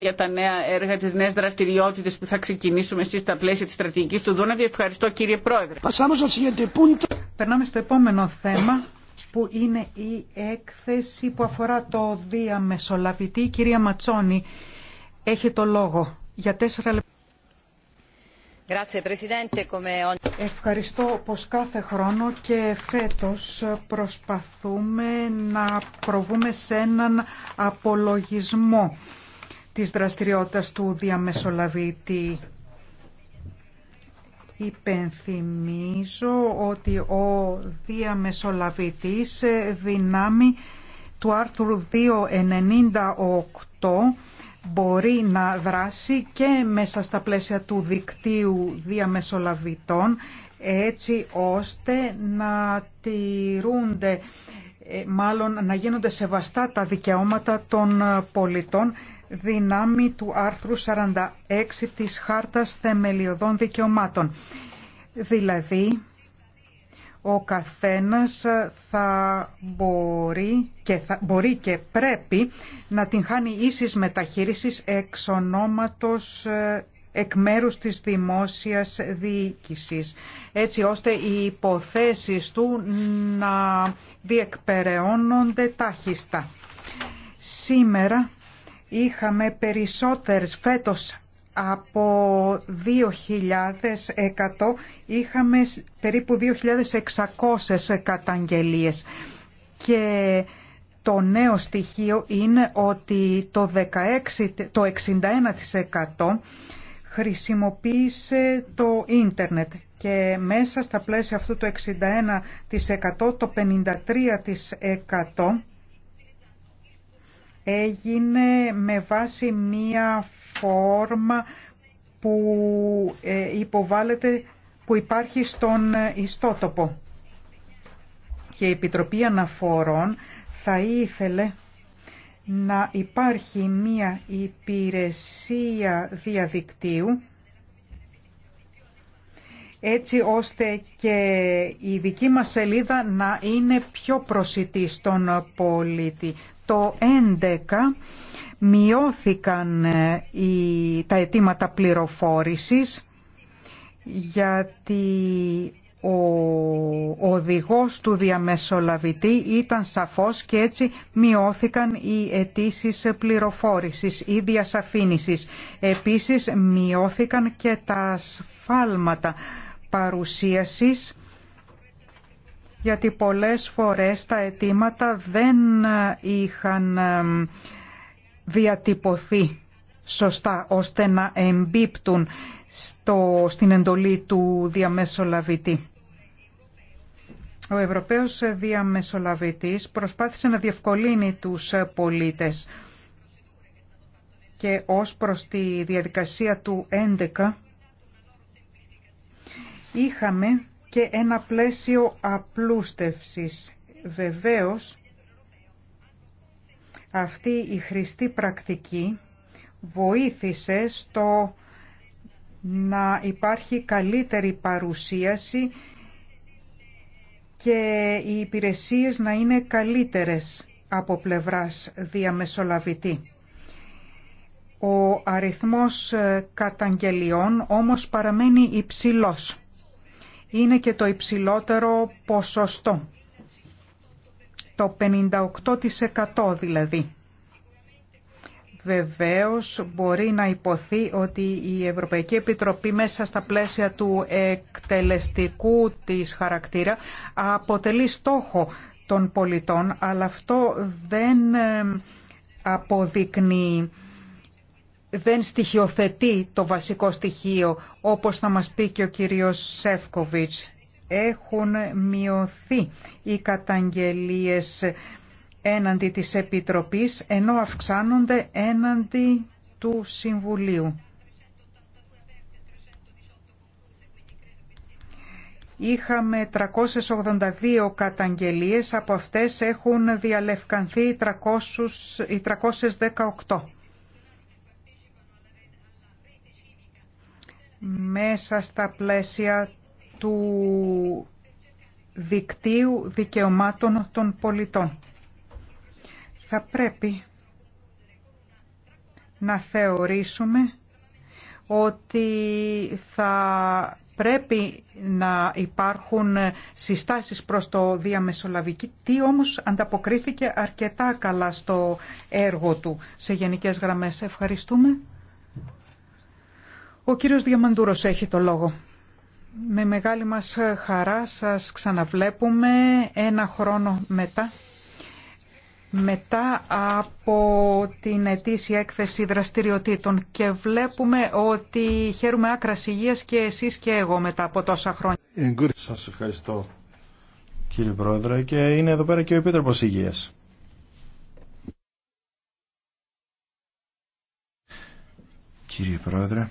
για τα νέα έργα, τι νέε δραστηριότητε που θα ξεκινήσουμε στις στα πλαίσια τη στρατηγική του Δούναβη. Ευχαριστώ κύριε Πρόεδρε. Περνάμε στο επόμενο θέμα που είναι η έκθεση που αφορά το διαμεσολαβητή. Η κυρία Ματσόνη έχει το λόγο για τέσσερα λεπτά. Ευχαριστώ πως κάθε χρόνο και φέτος προσπαθούμε να προβούμε σε έναν απολογισμό της δραστηριότητας του διαμεσολαβήτη. Υπενθυμίζω ότι ο διαμεσολαβητής δυνάμει του άρθρου 298 μπορεί να δράσει και μέσα στα πλαίσια του δικτύου διαμεσολαβητών έτσι ώστε να τηρούνται, ε, μάλλον να γίνονται σεβαστά τα δικαιώματα των πολιτών δυνάμει του άρθρου 46 της Χάρτας Θεμελιωδών Δικαιωμάτων. Δηλαδή, ο καθένας θα μπορεί και, θα, μπορεί και πρέπει να την χάνει ίσης μεταχείρισης εξ ονόματος ε, εκ μέρους της δημόσιας διοίκησης, έτσι ώστε οι υποθέσεις του να διεκπεραιώνονται τάχιστα. Σήμερα Είχαμε περισσότερες φέτος από 2.100 είχαμε περίπου 2.600 καταγγελίες και το νέο στοιχείο είναι ότι το, 16, το 61% χρησιμοποίησε το ίντερνετ και μέσα στα πλαίσια αυτού το 61% το 53% έγινε με βάση μία φόρμα που ε, υποβάλλεται, που υπάρχει στον ιστότοπο. Και η Επιτροπή Αναφορών θα ήθελε να υπάρχει μία υπηρεσία διαδικτύου έτσι ώστε και η δική μας σελίδα να είναι πιο προσιτή στον πολίτη το 2011 μειώθηκαν ε, οι, τα αιτήματα πληροφόρησης γιατί ο οδηγός του διαμεσολαβητή ήταν σαφός και έτσι μειώθηκαν οι αιτήσει πληροφόρησης ή διασαφήνισης. Επίσης μειώθηκαν και τα σφάλματα παρουσίασης γιατί πολλές φορές τα αιτήματα δεν είχαν διατυπωθεί σωστά ώστε να εμπίπτουν στο, στην εντολή του διαμεσολαβητή. Ο Ευρωπαίος διαμεσολαβητής προσπάθησε να διευκολύνει τους πολίτες και ως προς τη διαδικασία του 11 είχαμε και ένα πλαίσιο απλούστευσης. Βεβαίως, αυτή η χρηστή πρακτική βοήθησε στο να υπάρχει καλύτερη παρουσίαση και οι υπηρεσίες να είναι καλύτερες από πλευράς διαμεσολαβητή. Ο αριθμός καταγγελιών όμως παραμένει υψηλός είναι και το υψηλότερο ποσοστό, το 58% δηλαδή. Βεβαίως μπορεί να υποθεί ότι η Ευρωπαϊκή Επιτροπή μέσα στα πλαίσια του εκτελεστικού της χαρακτήρα αποτελεί στόχο των πολιτών, αλλά αυτό δεν ε, αποδεικνύει δεν στοιχειοθετεί το βασικό στοιχείο, όπως θα μας πει και ο κύριος Σεύκοβιτς. Έχουν μειωθεί οι καταγγελίες έναντι της Επιτροπής, ενώ αυξάνονται έναντι του Συμβουλίου. Είχαμε 382 καταγγελίες, από αυτές έχουν διαλευκανθεί οι 318. μέσα στα πλαίσια του δικτύου δικαιωμάτων των πολιτών. Θα πρέπει να θεωρήσουμε ότι θα πρέπει να υπάρχουν συστάσεις προς το διαμεσολαβική. Τι όμως ανταποκρίθηκε αρκετά καλά στο έργο του σε γενικές γραμμές. Ευχαριστούμε. Ο κύριος Διαμαντούρος έχει το λόγο. Με μεγάλη μας χαρά σας ξαναβλέπουμε ένα χρόνο μετά. Μετά από την ετήσια έκθεση δραστηριοτήτων και βλέπουμε ότι χαίρουμε άκρα υγεία και εσείς και εγώ μετά από τόσα χρόνια. Σας ευχαριστώ κύριε Πρόεδρε και είναι εδώ πέρα και ο Επίτροπος Υγείας. Κύριε Πρόεδρε,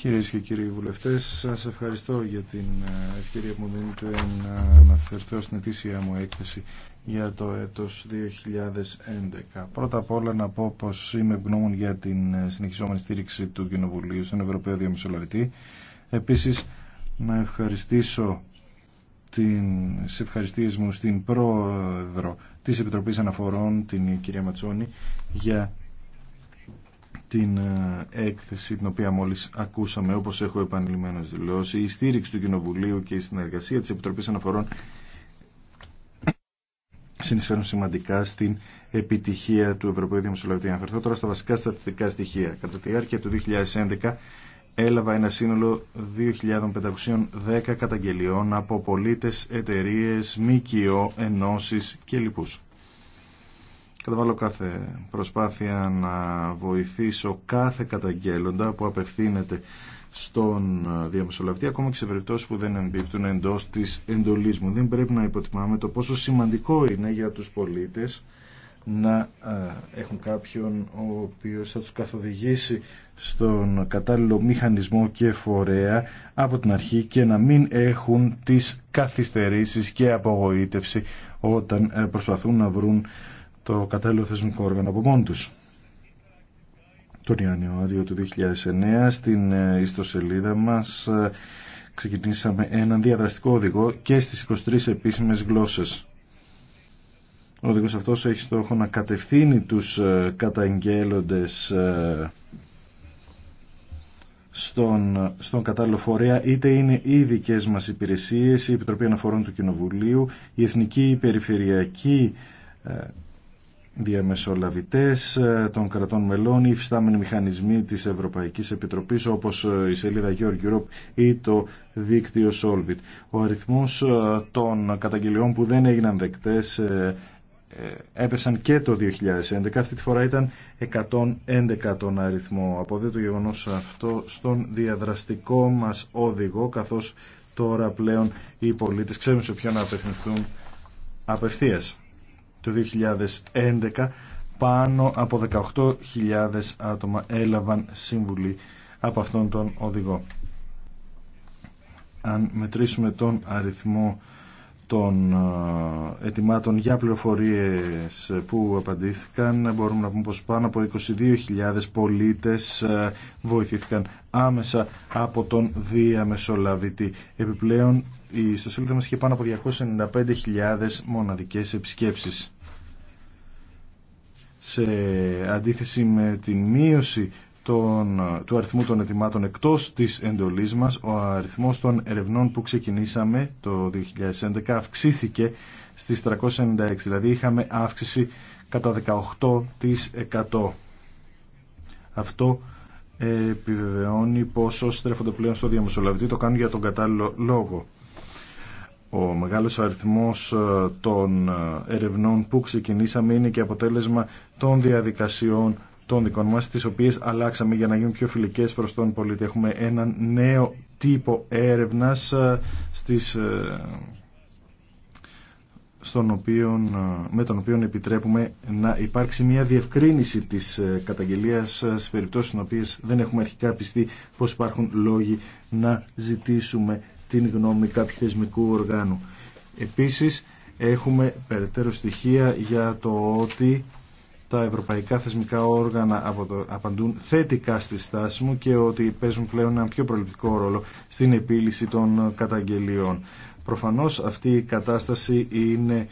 Κυρίε και κύριοι βουλευτέ, σα ευχαριστώ για την ε, ευκαιρία που μου δίνετε να αναφερθώ στην ετήσια μου έκθεση για το έτο 2011. Πρώτα απ' όλα να πω πως είμαι ευγνώμων για την ε, συνεχιζόμενη στήριξη του Κοινοβουλίου στον Ευρωπαίο Διαμεσολαβητή. Επίσης να ευχαριστήσω την, ευχαριστίε μου στην πρόεδρο τη Επιτροπή Αναφορών, την κυρία Ματσόνη, για την ε, έκθεση την οποία μόλις ακούσαμε όπως έχω επανειλημμένως δηλώσει η στήριξη του Κοινοβουλίου και η συνεργασία της Επιτροπής Αναφορών συνεισφέρουν σημαντικά στην επιτυχία του Ευρωπαϊκού Διαμεσολαβητή. Αναφερθώ τώρα στα βασικά στατιστικά στοιχεία. Κατά τη διάρκεια του 2011 έλαβα ένα σύνολο 2.510 καταγγελιών από πολίτες, εταιρείες, ΜΚΟ, ενώσεις και λοιπούς καταβάλω κάθε προσπάθεια να βοηθήσω κάθε καταγγέλλοντα που απευθύνεται στον διαμεσολαβητή, ακόμα και σε περιπτώσει που δεν εμπίπτουν εντό τη εντολή μου. Δεν πρέπει να υποτιμάμε το πόσο σημαντικό είναι για του πολίτε να ε, έχουν κάποιον ο οποίος θα τους καθοδηγήσει στον κατάλληλο μηχανισμό και φορέα από την αρχή και να μην έχουν τις καθυστερήσεις και απογοήτευση όταν ε, προσπαθούν να βρουν το κατάλληλο θεσμικό όργανο από μόνο τους. Τον Ιανουάριο του 2009 στην ε, ιστοσελίδα μας ε, ξεκινήσαμε έναν διαδραστικό οδηγό και στις 23 επίσημες γλώσσες. Ο οδηγός αυτός έχει στόχο να κατευθύνει τους ε, καταγγέλλοντες στον, στον κατάλληλο φορέα, είτε είναι οι δικέ μας υπηρεσίες, η Επιτροπή Αναφορών του Κοινοβουλίου, η Εθνική Περιφερειακή διαμεσολαβητές ε, των κρατών μελών ή φυστάμενοι μηχανισμοί της Ευρωπαϊκής Επιτροπής όπως ε, η σελίδα Georg Europe ή το δίκτυο Solvit. Ο αριθμός ε, των καταγγελιών που δεν έγιναν δεκτές έπεσαν και το 2011. Αυτή τη φορά ήταν 111 τον αριθμό. Αποδεί το γεγονός αυτό στον διαδραστικό μας όδηγο καθώς τώρα πλέον οι πολίτες ξέρουν σε ποιον να απευθυνθούν απευθείας το 2011 πάνω από 18.000 άτομα έλαβαν σύμβουλοι από αυτόν τον οδηγό. Αν μετρήσουμε τον αριθμό των ετοιμάτων για πληροφορίες που απαντήθηκαν μπορούμε να πούμε πως πάνω από 22.000 πολίτες βοηθήθηκαν άμεσα από τον διαμεσολαβητή. Επιπλέον η ιστοσελίδα μας είχε πάνω από 295.000 μοναδικές επισκέψεις σε αντίθεση με τη μείωση των, του αριθμού των ετοιμάτων εκτός της εντολής μας, ο αριθμός των ερευνών που ξεκινήσαμε το 2011 αυξήθηκε στις 396, δηλαδή είχαμε αύξηση κατά 18%. Αυτό επιβεβαιώνει πόσο στρέφονται πλέον στο διαμεσολαβητή το κάνουν για τον κατάλληλο λόγο. Ο μεγάλος αριθμός ε, των ε, ερευνών που ξεκινήσαμε είναι και αποτέλεσμα των διαδικασιών των δικών μας, τις οποίες αλλάξαμε για να γίνουν πιο φιλικές προς τον πολίτη. Έχουμε έναν νέο τύπο έρευνας ε, στις, στον οποίο, με τον οποίο επιτρέπουμε να υπάρξει μια διευκρίνηση της καταγγελίας σε περιπτώσεις στις οποίες δεν έχουμε αρχικά πιστεί πως υπάρχουν λόγοι να ζητήσουμε την γνώμη κάποιου θεσμικού οργάνου. Επίσης, έχουμε περαιτέρω στοιχεία για το ότι τα ευρωπαϊκά θεσμικά όργανα απαντούν θετικά στη στάση μου και ότι παίζουν πλέον ένα πιο προληπτικό ρόλο στην επίλυση των καταγγελιών. Προφανώς αυτή η κατάσταση είναι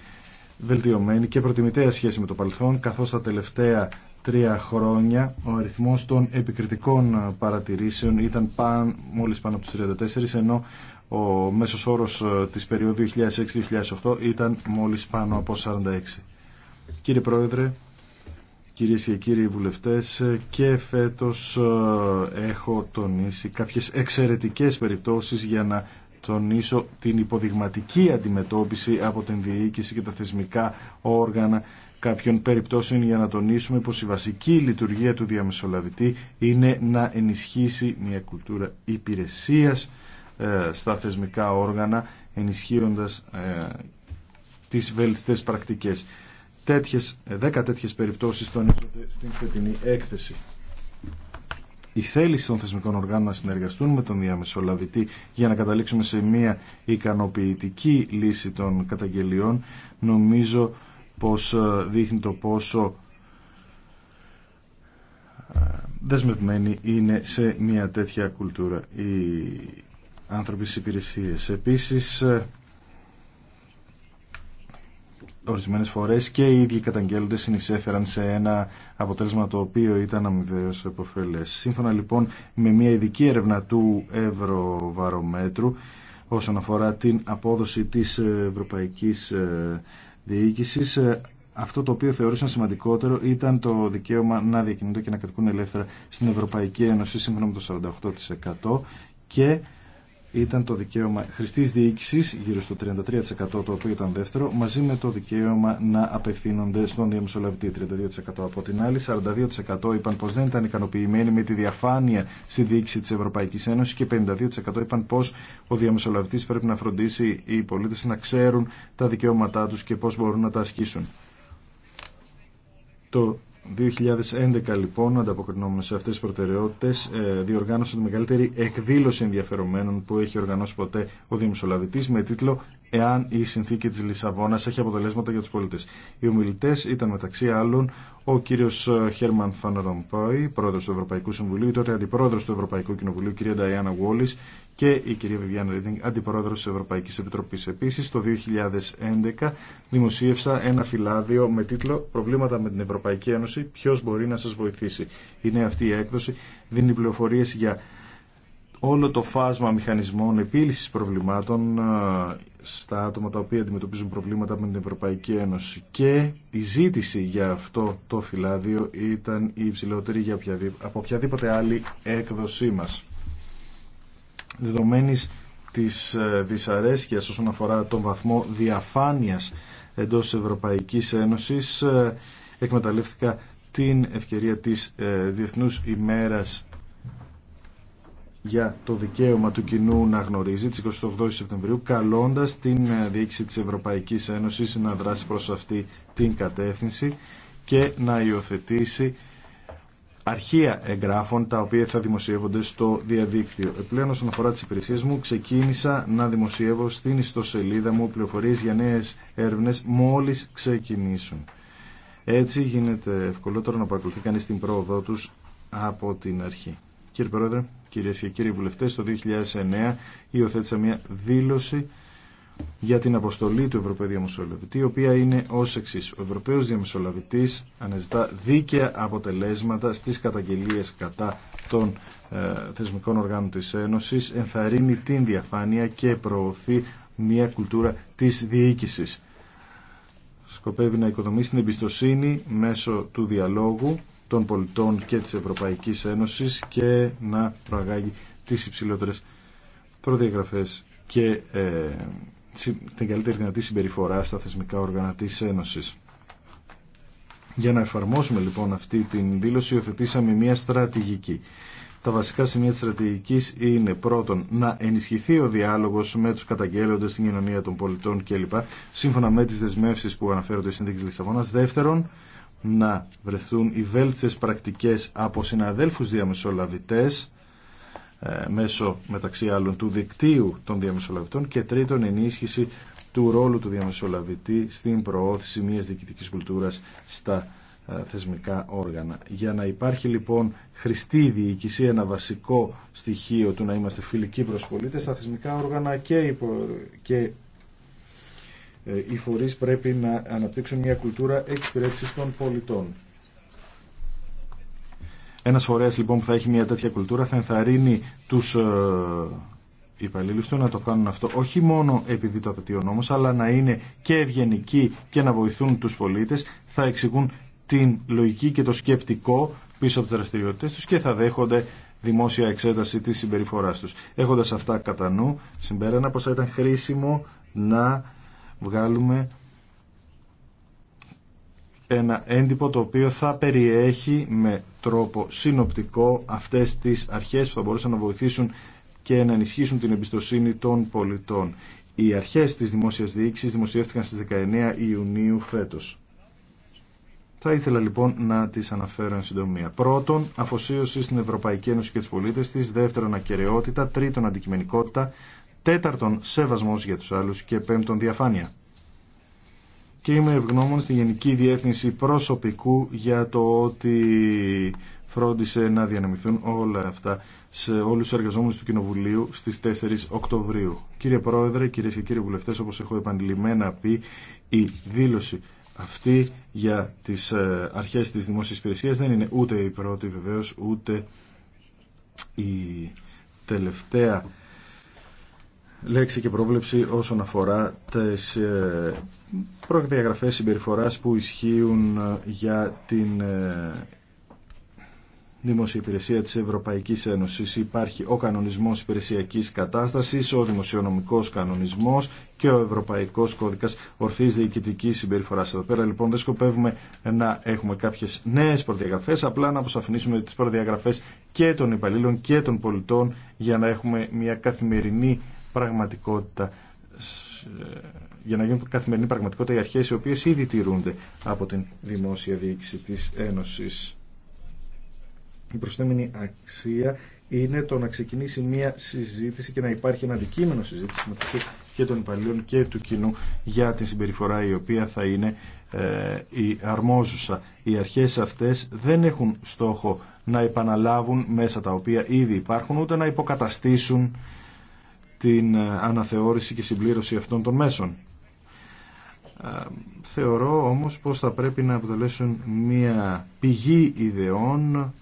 βελτιωμένη και προτιμητέα σχέση με το παρελθόν, καθώς τα τελευταία τρία χρόνια ο αριθμός των επικριτικών παρατηρήσεων ήταν πάν, μόλις πάνω από τους 34, ενώ ο μέσος όρος ε, της περίοδου 2006-2008 ήταν μόλις πάνω από 46. Κύριε Πρόεδρε, κυρίες και κύριοι βουλευτές, ε, και φέτος ε, έχω τονίσει κάποιες εξαιρετικές περιπτώσεις για να τονίσω την υποδειγματική αντιμετώπιση από την διοίκηση και τα θεσμικά όργανα κάποιων περιπτώσεων για να τονίσουμε πως η βασική λειτουργία του διαμεσολαβητή είναι να ενισχύσει μια κουλτούρα υπηρεσίας ε, στα θεσμικά όργανα ενισχύοντας ε, τις βελτιστές πρακτικές. Τέτοιες, ε, δέκα τέτοιες περιπτώσεις τονίζονται στην φετινή έκθεση. Η θέληση των θεσμικών οργάνων να συνεργαστούν με τον διαμεσολαβητή για να καταλήξουμε σε μια ικανοποιητική λύση των καταγγελιών νομίζω πως δείχνει το πόσο δεσμευμένη είναι σε μια τέτοια κουλτούρα η άνθρωποι στις υπηρεσίες. Επίσης, ε, ορισμένες φορές και οι ίδιοι καταγγέλλονται συνεισέφεραν σε ένα αποτέλεσμα το οποίο ήταν αμοιβαίως επωφελές. Σύμφωνα λοιπόν με μια ειδική έρευνα του Ευρωβαρομέτρου όσον αφορά την απόδοση της Ευρωπαϊκής ε, Διοίκησης, ε, αυτό το οποίο θεωρούσαν σημαντικότερο ήταν το δικαίωμα να διακινούνται και να κατοικούν ελεύθερα στην Ευρωπαϊκή Ένωση σύμφωνα με το 48% και ήταν το δικαίωμα χρηστής διοίκηση, γύρω στο 33% το οποίο ήταν δεύτερο, μαζί με το δικαίωμα να απευθύνονται στον διαμεσολαβητή, 32%. Από την άλλη, 42% είπαν πώ δεν ήταν ικανοποιημένοι με τη διαφάνεια στη διοίκηση της Ευρωπαϊκής Ένωσης και 52% είπαν πως ο διαμεσολαβητή πρέπει να φροντίσει οι πολίτε να ξέρουν τα δικαιώματά του και πώ μπορούν να τα ασκήσουν. Το 2011 λοιπόν, ανταποκρινόμενο σε αυτές τις προτεραιότητες, ε, διοργάνωσε τη μεγαλύτερη εκδήλωση ενδιαφερομένων που έχει οργανώσει ποτέ ο Δήμος Ολαβητής με τίτλο εάν η συνθήκη της Λισαβόνας έχει αποτελέσματα για τους πολίτες. Οι ομιλητές ήταν μεταξύ άλλων ο κύριος Χέρμαν Φαναρομπόη, πρόεδρος του Ευρωπαϊκού Συμβουλίου, τότε αντιπρόεδρος του Ευρωπαϊκού Κοινοβουλίου, κυρία Νταϊάννα Γουόλης και η κυρία Βιβιάν Ρίτινγκ, αντιπρόεδρος της Ευρωπαϊκής Επιτροπής. Επίσης, το 2011 δημοσίευσα ένα φυλάδιο με τίτλο «Προβλήματα με την Ευρωπαϊκή Ένωση. Ποιος μπορεί να σας βοηθήσει». Είναι αυτή η έκδοση, δίνει πληροφορίες για όλο το φάσμα μηχανισμών επίλυσης προβλημάτων ε, στα άτομα τα οποία αντιμετωπίζουν προβλήματα με την Ευρωπαϊκή Ένωση και η ζήτηση για αυτό το φυλάδιο ήταν η υψηλότερη για από οποιαδήποτε άλλη έκδοσή μας. Δεδομένης της ε, δυσαρέσκειας όσον αφορά τον βαθμό διαφάνειας εντός Ευρωπαϊκής Ένωσης ε, εκμεταλλεύτηκα την ευκαιρία της Διεθνούς ημέρας για το δικαίωμα του κοινού να γνωρίζει τις 28 Σεπτεμβρίου καλώντας την ε, διοίκηση της Ευρωπαϊκής Ένωσης να δράσει προς αυτή την κατεύθυνση και να υιοθετήσει αρχεία εγγράφων τα οποία θα δημοσιεύονται στο διαδίκτυο. Επλέον, όσον αφορά τις υπηρεσίες μου ξεκίνησα να δημοσιεύω στην ιστοσελίδα μου πληροφορίες για νέες έρευνες μόλις ξεκινήσουν. Έτσι γίνεται ευκολότερο να παρακολουθεί κανείς την πρόοδό τους από την αρχή. Κύριε Πρόεδρε. Κυρίες και κύριοι βουλευτές, το 2009 υιοθέτησα μια δήλωση για την αποστολή του Ευρωπαίου Διαμεσολαβητή, η οποία είναι ω εξή. Ο Ευρωπαίο Διαμεσολαβητή αναζητά δίκαια αποτελέσματα στι καταγγελίε κατά των ε, θεσμικών οργάνων τη Ένωση, ενθαρρύνει την διαφάνεια και προωθεί μια κουλτούρα τη διοίκηση. Σκοπεύει να οικοδομήσει την εμπιστοσύνη μέσω του διαλόγου των πολιτών και της Ευρωπαϊκής Ένωσης και να προαγάγει τις υψηλότερες προδιαγραφές και ε, την καλύτερη δυνατή συμπεριφορά στα θεσμικά όργανα της Ένωσης. Για να εφαρμόσουμε λοιπόν αυτή την δήλωση υιοθετήσαμε μια στρατηγική. Τα βασικά σημεία της στρατηγικής είναι πρώτον να ενισχυθεί ο διάλογος με τους καταγγέλλοντες στην κοινωνία των πολιτών κλπ. σύμφωνα με τις δεσμεύσεις που αναφέρονται στην συνθήκες Λισαβόνας. Δεύτερον, να βρεθούν οι βέλτιστες πρακτικές από συναδέλφους διαμεσολαβητές ε, μέσω μεταξύ άλλων του δικτύου των διαμεσολαβητών και τρίτον ενίσχυση του ρόλου του διαμεσολαβητή στην προώθηση μιας διοικητικής κουλτούρας στα ε, θεσμικά όργανα. Για να υπάρχει λοιπόν χρηστή διοίκηση, ένα βασικό στοιχείο του να είμαστε φιλικοί προσπολίτες στα θεσμικά όργανα και, και ε, οι φορείς πρέπει να αναπτύξουν μια κουλτούρα εξυπηρέτησης των πολιτών. Ένας φορέας λοιπόν που θα έχει μια τέτοια κουλτούρα θα ενθαρρύνει τους ε, υπαλλήλους του να το κάνουν αυτό όχι μόνο επειδή το απαιτεί ο νόμος αλλά να είναι και ευγενικοί και να βοηθούν τους πολίτες θα εξηγούν την λογική και το σκεπτικό πίσω από τις δραστηριότητες τους και θα δέχονται δημόσια εξέταση της συμπεριφοράς τους. Έχοντας αυτά κατά νου, συμπέρανα πως θα ήταν χρήσιμο να βγάλουμε ένα έντυπο το οποίο θα περιέχει με τρόπο συνοπτικό αυτές τις αρχές που θα μπορούσαν να βοηθήσουν και να ενισχύσουν την εμπιστοσύνη των πολιτών. Οι αρχές της δημόσιας διοίκησης δημοσιεύτηκαν στις 19 Ιουνίου φέτος. Θα ήθελα λοιπόν να τι αναφέρω εν συντομία. Πρώτον, αφοσίωση στην Ευρωπαϊκή Ένωση και τι πολίτε τη. Δεύτερον, ακαιρεότητα. Τρίτον, αντικειμενικότητα τέταρτον σεβασμός για τους άλλους και πέμπτον διαφάνεια. Και είμαι ευγνώμων στη Γενική Διεύθυνση Προσωπικού για το ότι φρόντισε να διανεμηθούν όλα αυτά σε όλους τους εργαζόμενους του Κοινοβουλίου στις 4 Οκτωβρίου. Κύριε Πρόεδρε, κυρίε και κύριοι βουλευτές, όπως έχω επανειλημμένα πει, η δήλωση αυτή για τις ε, αρχές της δημόσιας υπηρεσίας δεν είναι ούτε η πρώτη βεβαίως, ούτε η τελευταία λέξη και πρόβλεψη όσον αφορά τις ε, προδιαγραφές συμπεριφοράς που ισχύουν ε, για την ε, Δημόσια Υπηρεσία της Ευρωπαϊκής Ένωσης. Υπάρχει ο κανονισμός υπηρεσιακής κατάστασης, ο δημοσιονομικός κανονισμός και ο Ευρωπαϊκός Κώδικας Ορθής Διοικητικής Συμπεριφοράς. Εδώ πέρα λοιπόν δεν σκοπεύουμε να έχουμε κάποιες νέες προδιαγραφές, απλά να αποσαφηνίσουμε τις προδιαγραφές και των υπαλλήλων και των πολιτών για να έχουμε μια καθημερινή πραγματικότητα για να γίνουν καθημερινή πραγματικότητα οι αρχές οι οποίες ήδη τηρούνται από την δημόσια διοίκηση της Ένωσης. Η προσθέμενη αξία είναι το να ξεκινήσει μια συζήτηση και να υπάρχει ένα αντικείμενο συζήτηση μεταξύ και των υπαλλήλων και του κοινού για την συμπεριφορά η οποία θα είναι ε, η αρμόζουσα. Οι αρχές αυτές δεν έχουν στόχο να επαναλάβουν μέσα τα οποία ήδη υπάρχουν ούτε να υποκαταστήσουν την ε, αναθεώρηση και συμπλήρωση αυτών των μέσων. Ε, θεωρώ όμως πως θα πρέπει να αποτελέσουν μια πηγή ιδεών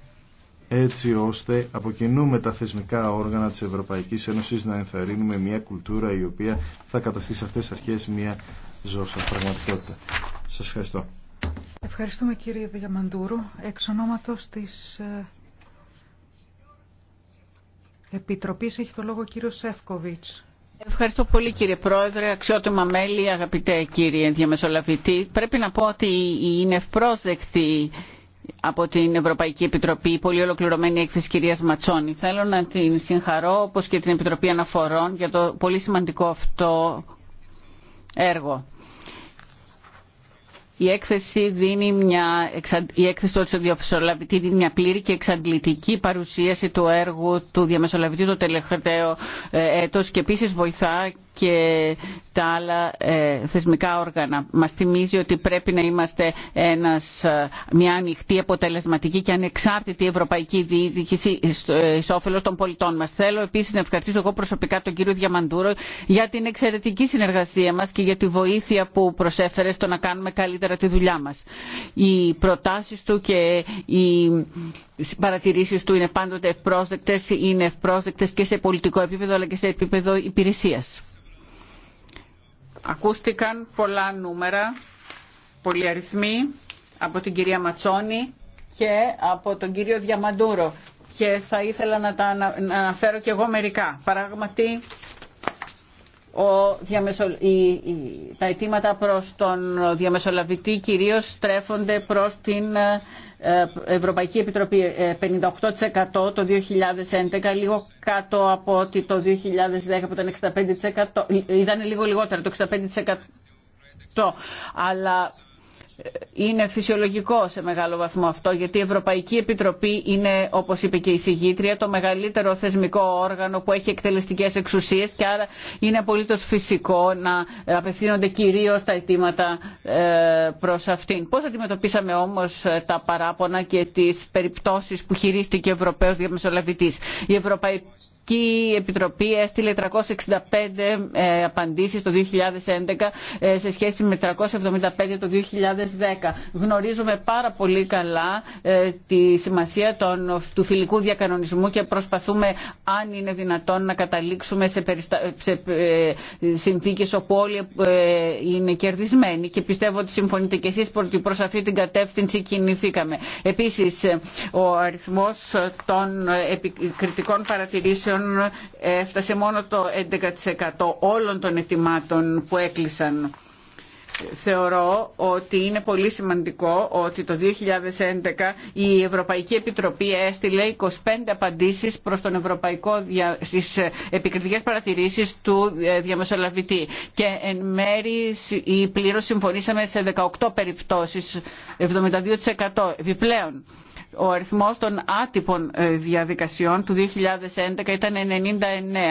έτσι ώστε από κοινού με τα θεσμικά όργανα της Ευρωπαϊκής Ένωσης να ενθαρρύνουμε μια κουλτούρα η οποία θα καταστήσει σε αυτές τις αρχές μια ζώσα πραγματικότητα. Σας ευχαριστώ. Ευχαριστούμε κύριε Διαμαντούρου. Εξ της ε, Επιτροπής έχει το λόγο ο κύριος Σεύκοβιτς. Ευχαριστώ πολύ κύριε Πρόεδρε, αξιότιμα μέλη, αγαπητέ κύριε Διαμεσολαβητή. Πρέπει να πω ότι είναι ευπρόσδεκτη από την Ευρωπαϊκή Επιτροπή, η πολύ ολοκληρωμένη έκθεση κυρίας Ματσόνη. Θέλω να την συγχαρώ, όπως και την Επιτροπή Αναφορών, για το πολύ σημαντικό αυτό έργο η έκθεση, δίνει μια, η έκθεση του Διαμεσολαβητή δίνει μια πλήρη και εξαντλητική παρουσίαση του έργου του Διαμεσολαβητή το τελευταίο ε, έτος και επίσης βοηθά και τα άλλα ε, θεσμικά όργανα. Μας θυμίζει ότι πρέπει να είμαστε ένας, ε, μια ανοιχτή, αποτελεσματική και ανεξάρτητη ευρωπαϊκή διοίκηση ε, εις όφελος των πολιτών μας. Θέλω επίσης να ευχαριστήσω εγώ προσωπικά τον κύριο Διαμαντούρο για την εξαιρετική συνεργασία μας και για τη βοήθεια που προσέφερε στο να κάνουμε καλύτερα τη δουλειά μας. Οι προτάσεις του και οι παρατηρήσεις του είναι πάντοτε ευπρόσδεκτες, είναι ευπρόσδεκτες και σε πολιτικό επίπεδο αλλά και σε επίπεδο υπηρεσίας. Ακούστηκαν πολλά νούμερα, πολλοί αριθμοί από την κυρία Ματσόνη και από τον κύριο Διαμαντούρο και θα ήθελα να τα αναφέρω και εγώ μερικά. Πράγματι, ο, διαμεσο, τα αιτήματα προς τον διαμεσολαβητή κυρίως στρέφονται προς την ε, Ευρωπαϊκή Επιτροπή 58% ε, το 2011, λίγο κάτω από ότι το 2010 που ήταν 65%, ε, ήταν λίγο λιγότερο το 65%. Αλλά είναι φυσιολογικό σε μεγάλο βαθμό αυτό, γιατί η Ευρωπαϊκή Επιτροπή είναι, όπως είπε και η συγγήτρια, το μεγαλύτερο θεσμικό όργανο που έχει εκτελεστικές εξουσίες και άρα είναι απολύτως φυσικό να απευθύνονται κυρίως τα αιτήματα ε, προς αυτήν. Πώς αντιμετωπίσαμε όμως ε, τα παράπονα και τις περιπτώσεις που χειρίστηκε ο Ευρωπαίος Διαμεσολαβητής. Η Ευρωπαϊκή η Επιτροπή έστειλε 365 ε, απαντήσεις το 2011 ε, σε σχέση με 375 το 2010. Γνωρίζουμε πάρα πολύ καλά ε, τη σημασία του φιλικού διακανονισμού και προσπαθούμε αν είναι δυνατόν να καταλήξουμε σε, περιστα... σε συνθήκες όπου όλοι είναι κερδισμένοι και πιστεύω ότι συμφωνείτε και εσείς ότι προς αυτή την κατεύθυνση κινηθήκαμε. Επίσης, ο αριθμός των επικριτικών παρατηρήσεων ε, έφτασε μόνο το 11% όλων των ετοιμάτων που έκλεισαν. Θεωρώ ότι είναι πολύ σημαντικό ότι το 2011 η Ευρωπαϊκή Επιτροπή έστειλε 25 απαντήσεις προς τον Ευρωπαϊκό δια... στις ε, επικριτικές παρατηρήσεις του ε, διαμεσολαβητή και εν μέρη η πλήρως συμφωνήσαμε σε 18 περιπτώσεις 72% επιπλέον. Ο αριθμός των άτυπων ε, διαδικασιών του 2011 ήταν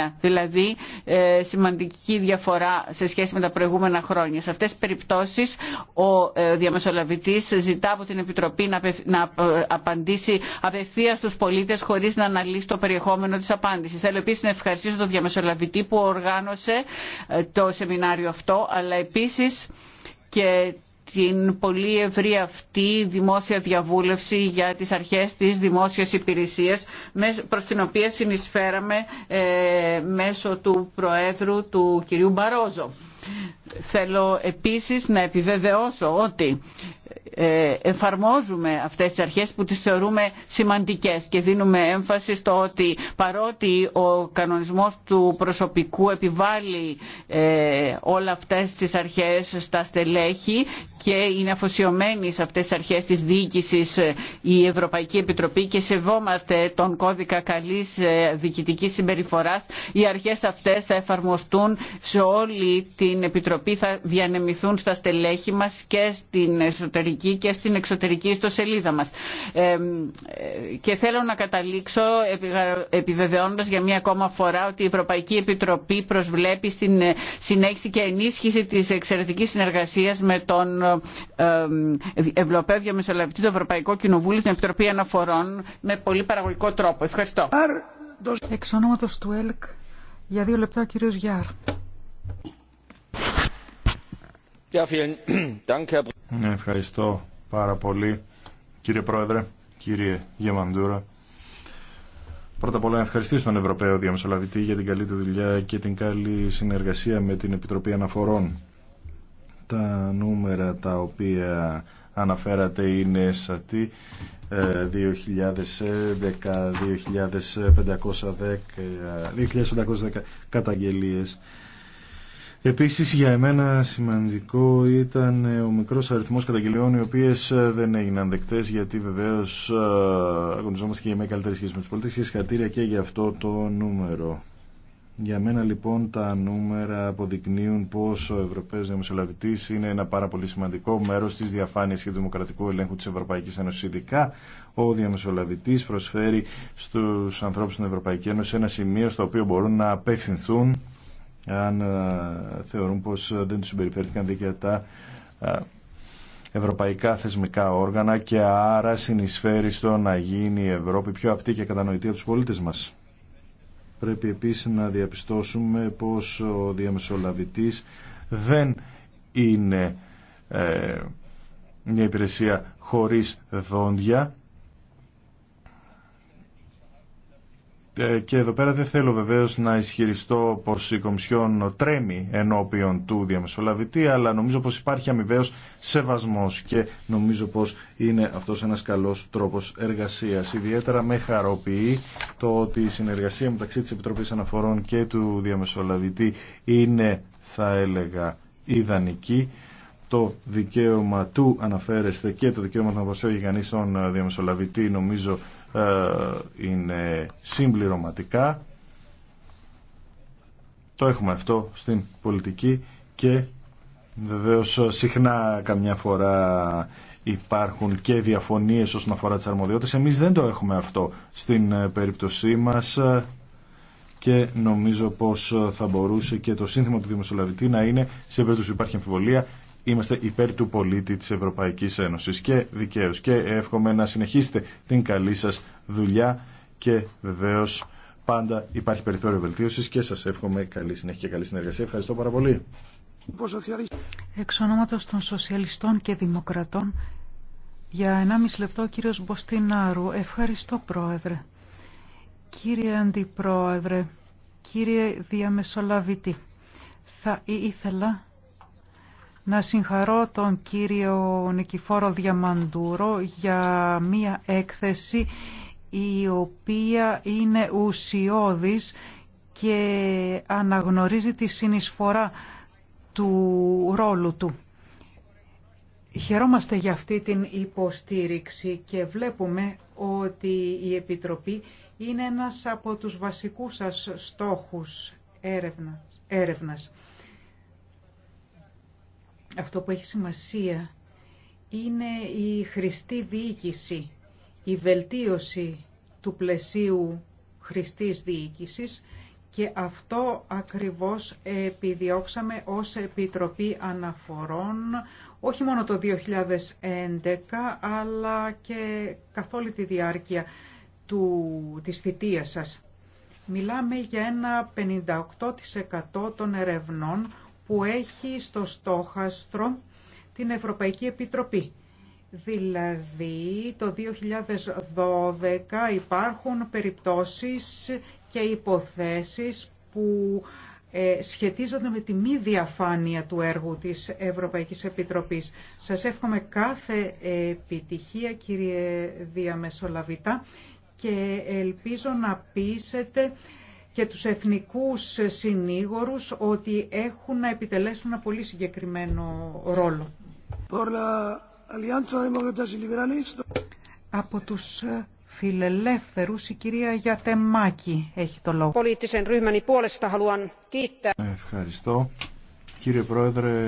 99, δηλαδή ε, σημαντική διαφορά σε σχέση με τα προηγούμενα χρόνια. Σε αυτές τις περιπτώσεις ο ε, διαμεσολαβητής ζητά από την Επιτροπή να απαντήσει απευθείας στους πολίτες χωρίς να αναλύσει το περιεχόμενο της απάντησης. Θέλω επίσης να ευχαριστήσω τον διαμεσολαβητή που οργάνωσε το σεμινάριο αυτό, αλλά επίσης και την πολύ ευρύ αυτή δημόσια διαβούλευση για τις αρχές της δημόσιας υπηρεσίας προς την οποία συνεισφέραμε ε, μέσω του Προέδρου του κυρίου Μπαρόζο. Θέλω επίσης να επιβεβαιώσω ότι ε, εφαρμόζουμε αυτές τις αρχές που τις θεωρούμε σημαντικές και δίνουμε έμφαση στο ότι παρότι ο κανονισμός του προσωπικού επιβάλλει ε, όλα αυτές τις αρχές στα στελέχη και είναι αφοσιωμένη σε αυτές τις αρχές της διοίκησης ε, η Ευρωπαϊκή Επιτροπή και σεβόμαστε τον κώδικα καλής διοικητικής συμπεριφοράς οι αρχές αυτές θα εφαρμοστούν σε όλη την Επιτροπή θα διανεμηθούν στα στελέχη μας και στην εσωτερική εσωτερική και στην εξωτερική ιστοσελίδα μας. και θέλω να καταλήξω επιβεβαιώνοντας για μία ακόμα φορά ότι η Ευρωπαϊκή Επιτροπή προσβλέπει στην ε, συνέχιση και ενίσχυση της εξαιρετικής συνεργασίας με τον Ευρωπαίο Διαμεσολαβητή του Ευρωπαϊκού Κοινοβούλου, την Επιτροπή Αναφορών, με πολύ παραγωγικό τρόπο. Ευχαριστώ. για λεπτά κύριος Γιάρ. Ναι, ευχαριστώ πάρα πολύ κύριε Πρόεδρε, κύριε Γεμαντούρα. Πρώτα απ' όλα να ευχαριστήσω τον Ευρωπαίο Διαμεσολαβητή για την καλή του δουλειά και την καλή συνεργασία με την Επιτροπή Αναφορών. Τα νούμερα τα οποία αναφέρατε είναι σατή 2011-2510 ε, 2.510 ε, ε, καταγγελίες Επίσης για εμένα σημαντικό ήταν ε, ο μικρός αριθμός καταγγελιών οι οποίες ε, δεν έγιναν δεκτές γιατί βεβαίως ε, αγωνιζόμαστε και για μια καλύτερη σχέση με τους πολίτες και συγχαρητήρια και για αυτό το νούμερο. Για μένα λοιπόν τα νούμερα αποδεικνύουν πως ο Ευρωπαίος Δημοσιολαβητής είναι ένα πάρα πολύ σημαντικό μέρος της διαφάνειας και του δημοκρατικού ελέγχου της Ευρωπαϊκής Ένωσης. Ειδικά ο Δημοσιολαβητής προσφέρει στους ανθρώπους στην Ευρωπαϊκή Ένωση ένα σημείο στο οποίο μπορούν να απευθυνθούν αν ε, θεωρούν πως ε, δεν τους συμπεριφέρθηκαν δίκαια ε, ευρωπαϊκά θεσμικά όργανα και άρα συνεισφέρει στο να γίνει η Ευρώπη πιο απτή και κατανοητή από τους πολίτες μας. Πρέπει επίσης να διαπιστώσουμε πως ο διαμεσολαβητής δεν είναι μια υπηρεσία χωρίς δόντια Ε, και εδώ πέρα δεν θέλω βεβαίω να ισχυριστώ πω η Κομισιόν τρέμει ενώπιον του διαμεσολαβητή, αλλά νομίζω πως υπάρχει αμοιβαίως σεβασμός και νομίζω πως είναι αυτός ένας καλός τρόπος εργασίας. Ιδιαίτερα με χαροποιεί το ότι η συνεργασία μεταξύ τη Επιτροπής Αναφορών και του διαμεσολαβητή είναι, θα έλεγα, ιδανική το δικαίωμα του αναφέρεστε και το δικαίωμα να για κανείς των ε, διαμεσολαβητή νομίζω ε, είναι συμπληρωματικά. Το έχουμε αυτό στην πολιτική και βεβαίως ε, συχνά καμιά φορά υπάρχουν και διαφωνίες όσον αφορά τις αρμοδιότητες. Εμείς δεν το έχουμε αυτό στην περίπτωσή μας και νομίζω πως θα μπορούσε και το σύνθημα του Δημοσιολαβητή να είναι σε περίπτωση που υπάρχει αμφιβολία είμαστε υπέρ του πολίτη της Ευρωπαϊκής Ένωσης και δικαίως και εύχομαι να συνεχίσετε την καλή σας δουλειά και βεβαίως πάντα υπάρχει περιθώριο βελτίωσης και σας εύχομαι καλή συνέχεια και καλή συνεργασία. Ευχαριστώ πάρα πολύ. Εξ ονόματος των Σοσιαλιστών και Δημοκρατών, για 1,5 λεπτό κύριος Μποστινάρου. Ευχαριστώ Πρόεδρε. Κύριε Αντιπρόεδρε, κύριε Διαμεσολαβητή, θα ήθελα να συγχαρώ τον κύριο Νικηφόρο Διαμαντούρο για μία έκθεση η οποία είναι ουσιώδης και αναγνωρίζει τη συνεισφορά του ρόλου του. Χαιρόμαστε για αυτή την υποστήριξη και βλέπουμε ότι η Επιτροπή είναι ένας από τους βασικούς σας στόχους έρευνας αυτό που έχει σημασία είναι η χρηστή διοίκηση, η βελτίωση του πλαισίου χρηστής διοίκησης και αυτό ακριβώς επιδιώξαμε ως Επιτροπή Αναφορών όχι μόνο το 2011 αλλά και καθ' όλη τη διάρκεια του, της θητείας σας. Μιλάμε για ένα 58% των ερευνών που έχει στο στόχαστρο την Ευρωπαϊκή Επιτροπή. Δηλαδή το 2012 υπάρχουν περιπτώσεις και υποθέσεις που ε, σχετίζονται με τη μη διαφάνεια του έργου της Ευρωπαϊκής Επιτροπής. Σας εύχομαι κάθε επιτυχία κύριε Διαμεσολαβητά και ελπίζω να πείσετε και τους εθνικούς συνήγορους ότι έχουν να επιτελέσουν ένα πολύ συγκεκριμένο ρόλο. Από τους φιλελεύθερους η κυρία Γιατεμάκη έχει το λόγο. Ευχαριστώ. Κύριε Πρόεδρε,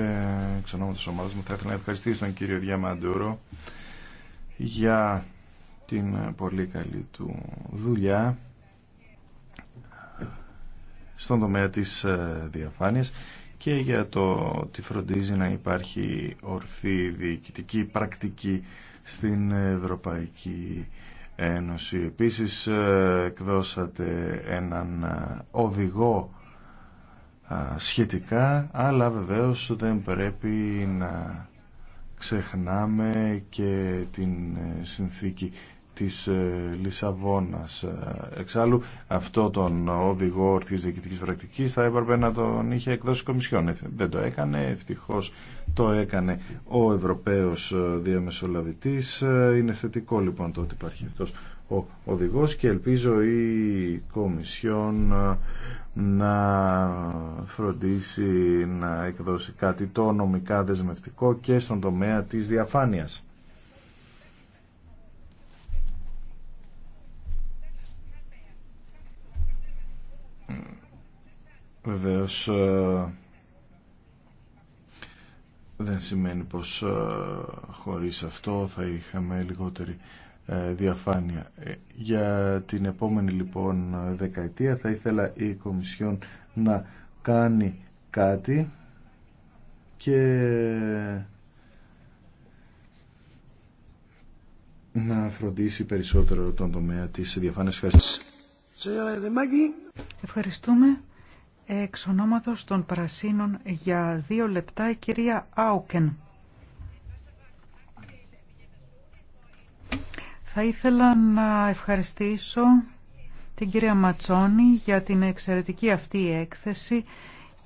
εξ ονόματος ομάδας μου θα ήθελα να ευχαριστήσω τον κύριο Διαμαντούρο για την πολύ καλή του δουλειά στον τομέα της ε, διαφάνειας και για το ότι φροντίζει να υπάρχει ορθή διοικητική πρακτική στην Ευρωπαϊκή Ένωση. Επίσης ε, εκδώσατε έναν ε, οδηγό σχετικά, αλλά βεβαίως δεν πρέπει να ξεχνάμε και την συνθήκη της ε, Λισαβόνας. Ε, εξάλλου αυτό τον οδηγό ορθής διοικητικής πρακτικής θα έπρεπε να τον είχε εκδώσει η Κομισιόν. Ε, δεν το έκανε, ευτυχώς το έκανε ο Ευρωπαίος Διαμεσολαβητής. Είναι θετικό λοιπόν το ότι υπάρχει αυτός ο οδηγός και ελπίζω η Κομισιόν να φροντίσει να εκδώσει κάτι το νομικά δεσμευτικό και στον τομέα της διαφάνειας. Βεβαίως ε, δεν σημαίνει πως ε, χωρίς αυτό θα είχαμε λιγότερη ε, διαφάνεια. Για την επόμενη λοιπόν δεκαετία θα ήθελα η Κομισιόν να κάνει κάτι και να φροντίσει περισσότερο τον τομέα της διαφάνειας. Ευχαριστούμε. Εξ ονόματος των Πρασίνων για δύο λεπτά η κυρία Άουκεν. Θα ήθελα να ευχαριστήσω την κυρία Ματσόνη για την εξαιρετική αυτή έκθεση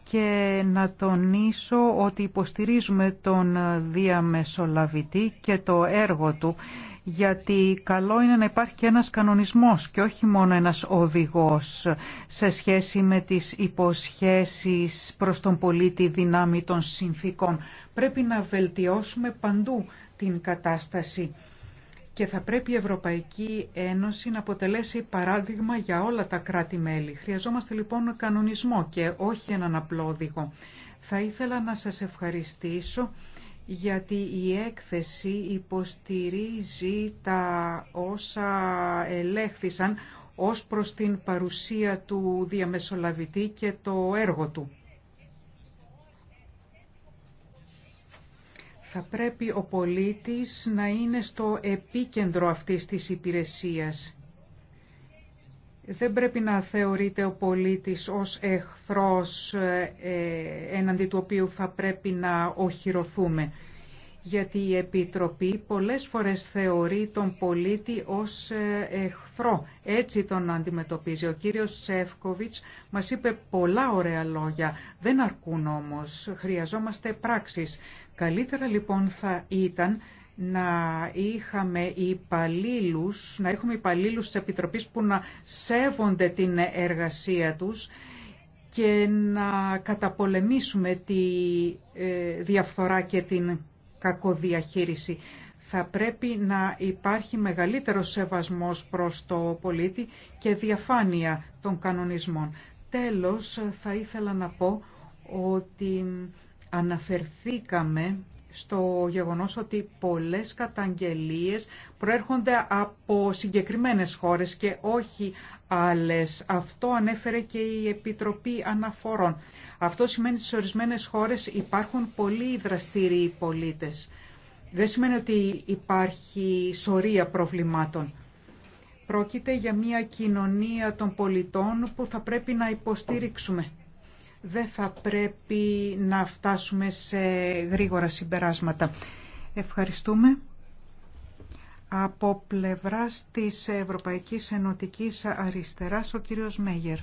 και να τονίσω ότι υποστηρίζουμε τον διαμεσολαβητή και το έργο του γιατί καλό είναι να υπάρχει και ένας κανονισμός και όχι μόνο ένας οδηγός σε σχέση με τις υποσχέσεις προς τον πολίτη δύναμη των συνθήκων. Πρέπει να βελτιώσουμε παντού την κατάσταση και θα πρέπει η Ευρωπαϊκή Ένωση να αποτελέσει παράδειγμα για όλα τα κράτη-μέλη. Χρειαζόμαστε λοιπόν κανονισμό και όχι έναν απλό οδηγό. Θα ήθελα να σας ευχαριστήσω γιατί η έκθεση υποστηρίζει τα όσα ελέγχθησαν ως προς την παρουσία του διαμεσολαβητή και το έργο του. Θα πρέπει ο πολίτης να είναι στο επίκεντρο αυτής της υπηρεσίας δεν πρέπει να θεωρείται ο πολίτης ως εχθρός ε, έναντι του οποίου θα πρέπει να οχυρωθούμε. Γιατί η Επιτροπή πολλές φορές θεωρεί τον πολίτη ως ε, εχθρό. Έτσι τον αντιμετωπίζει. Ο κύριος Σεύκοβιτς μας είπε πολλά ωραία λόγια. Δεν αρκούν όμως. Χρειαζόμαστε πράξεις. Καλύτερα λοιπόν θα ήταν να είχαμε υπαλλήλους, να έχουμε υπαλλήλους της Επιτροπής που να σέβονται την εργασία τους και να καταπολεμήσουμε τη ε, διαφθορά και την κακοδιαχείριση. Θα πρέπει να υπάρχει μεγαλύτερο σεβασμός προς το πολίτη και διαφάνεια των κανονισμών. Τέλος, θα ήθελα να πω ότι αναφερθήκαμε στο γεγονός ότι πολλές καταγγελίες προέρχονται από συγκεκριμένες χώρες και όχι άλλες. Αυτό ανέφερε και η Επιτροπή Αναφορών. Αυτό σημαίνει ότι σε ορισμένες χώρες υπάρχουν πολύ δραστηριοί πολίτες. Δεν σημαίνει ότι υπάρχει σωρία προβλημάτων. Πρόκειται για μια κοινωνία των πολιτών που θα πρέπει να υποστήριξουμε δεν θα πρέπει να φτάσουμε σε γρήγορα συμπεράσματα. Ευχαριστούμε. Από πλευράς της Ευρωπαϊκής Ενωτικής Αριστεράς, ο κύριος Μέγερ.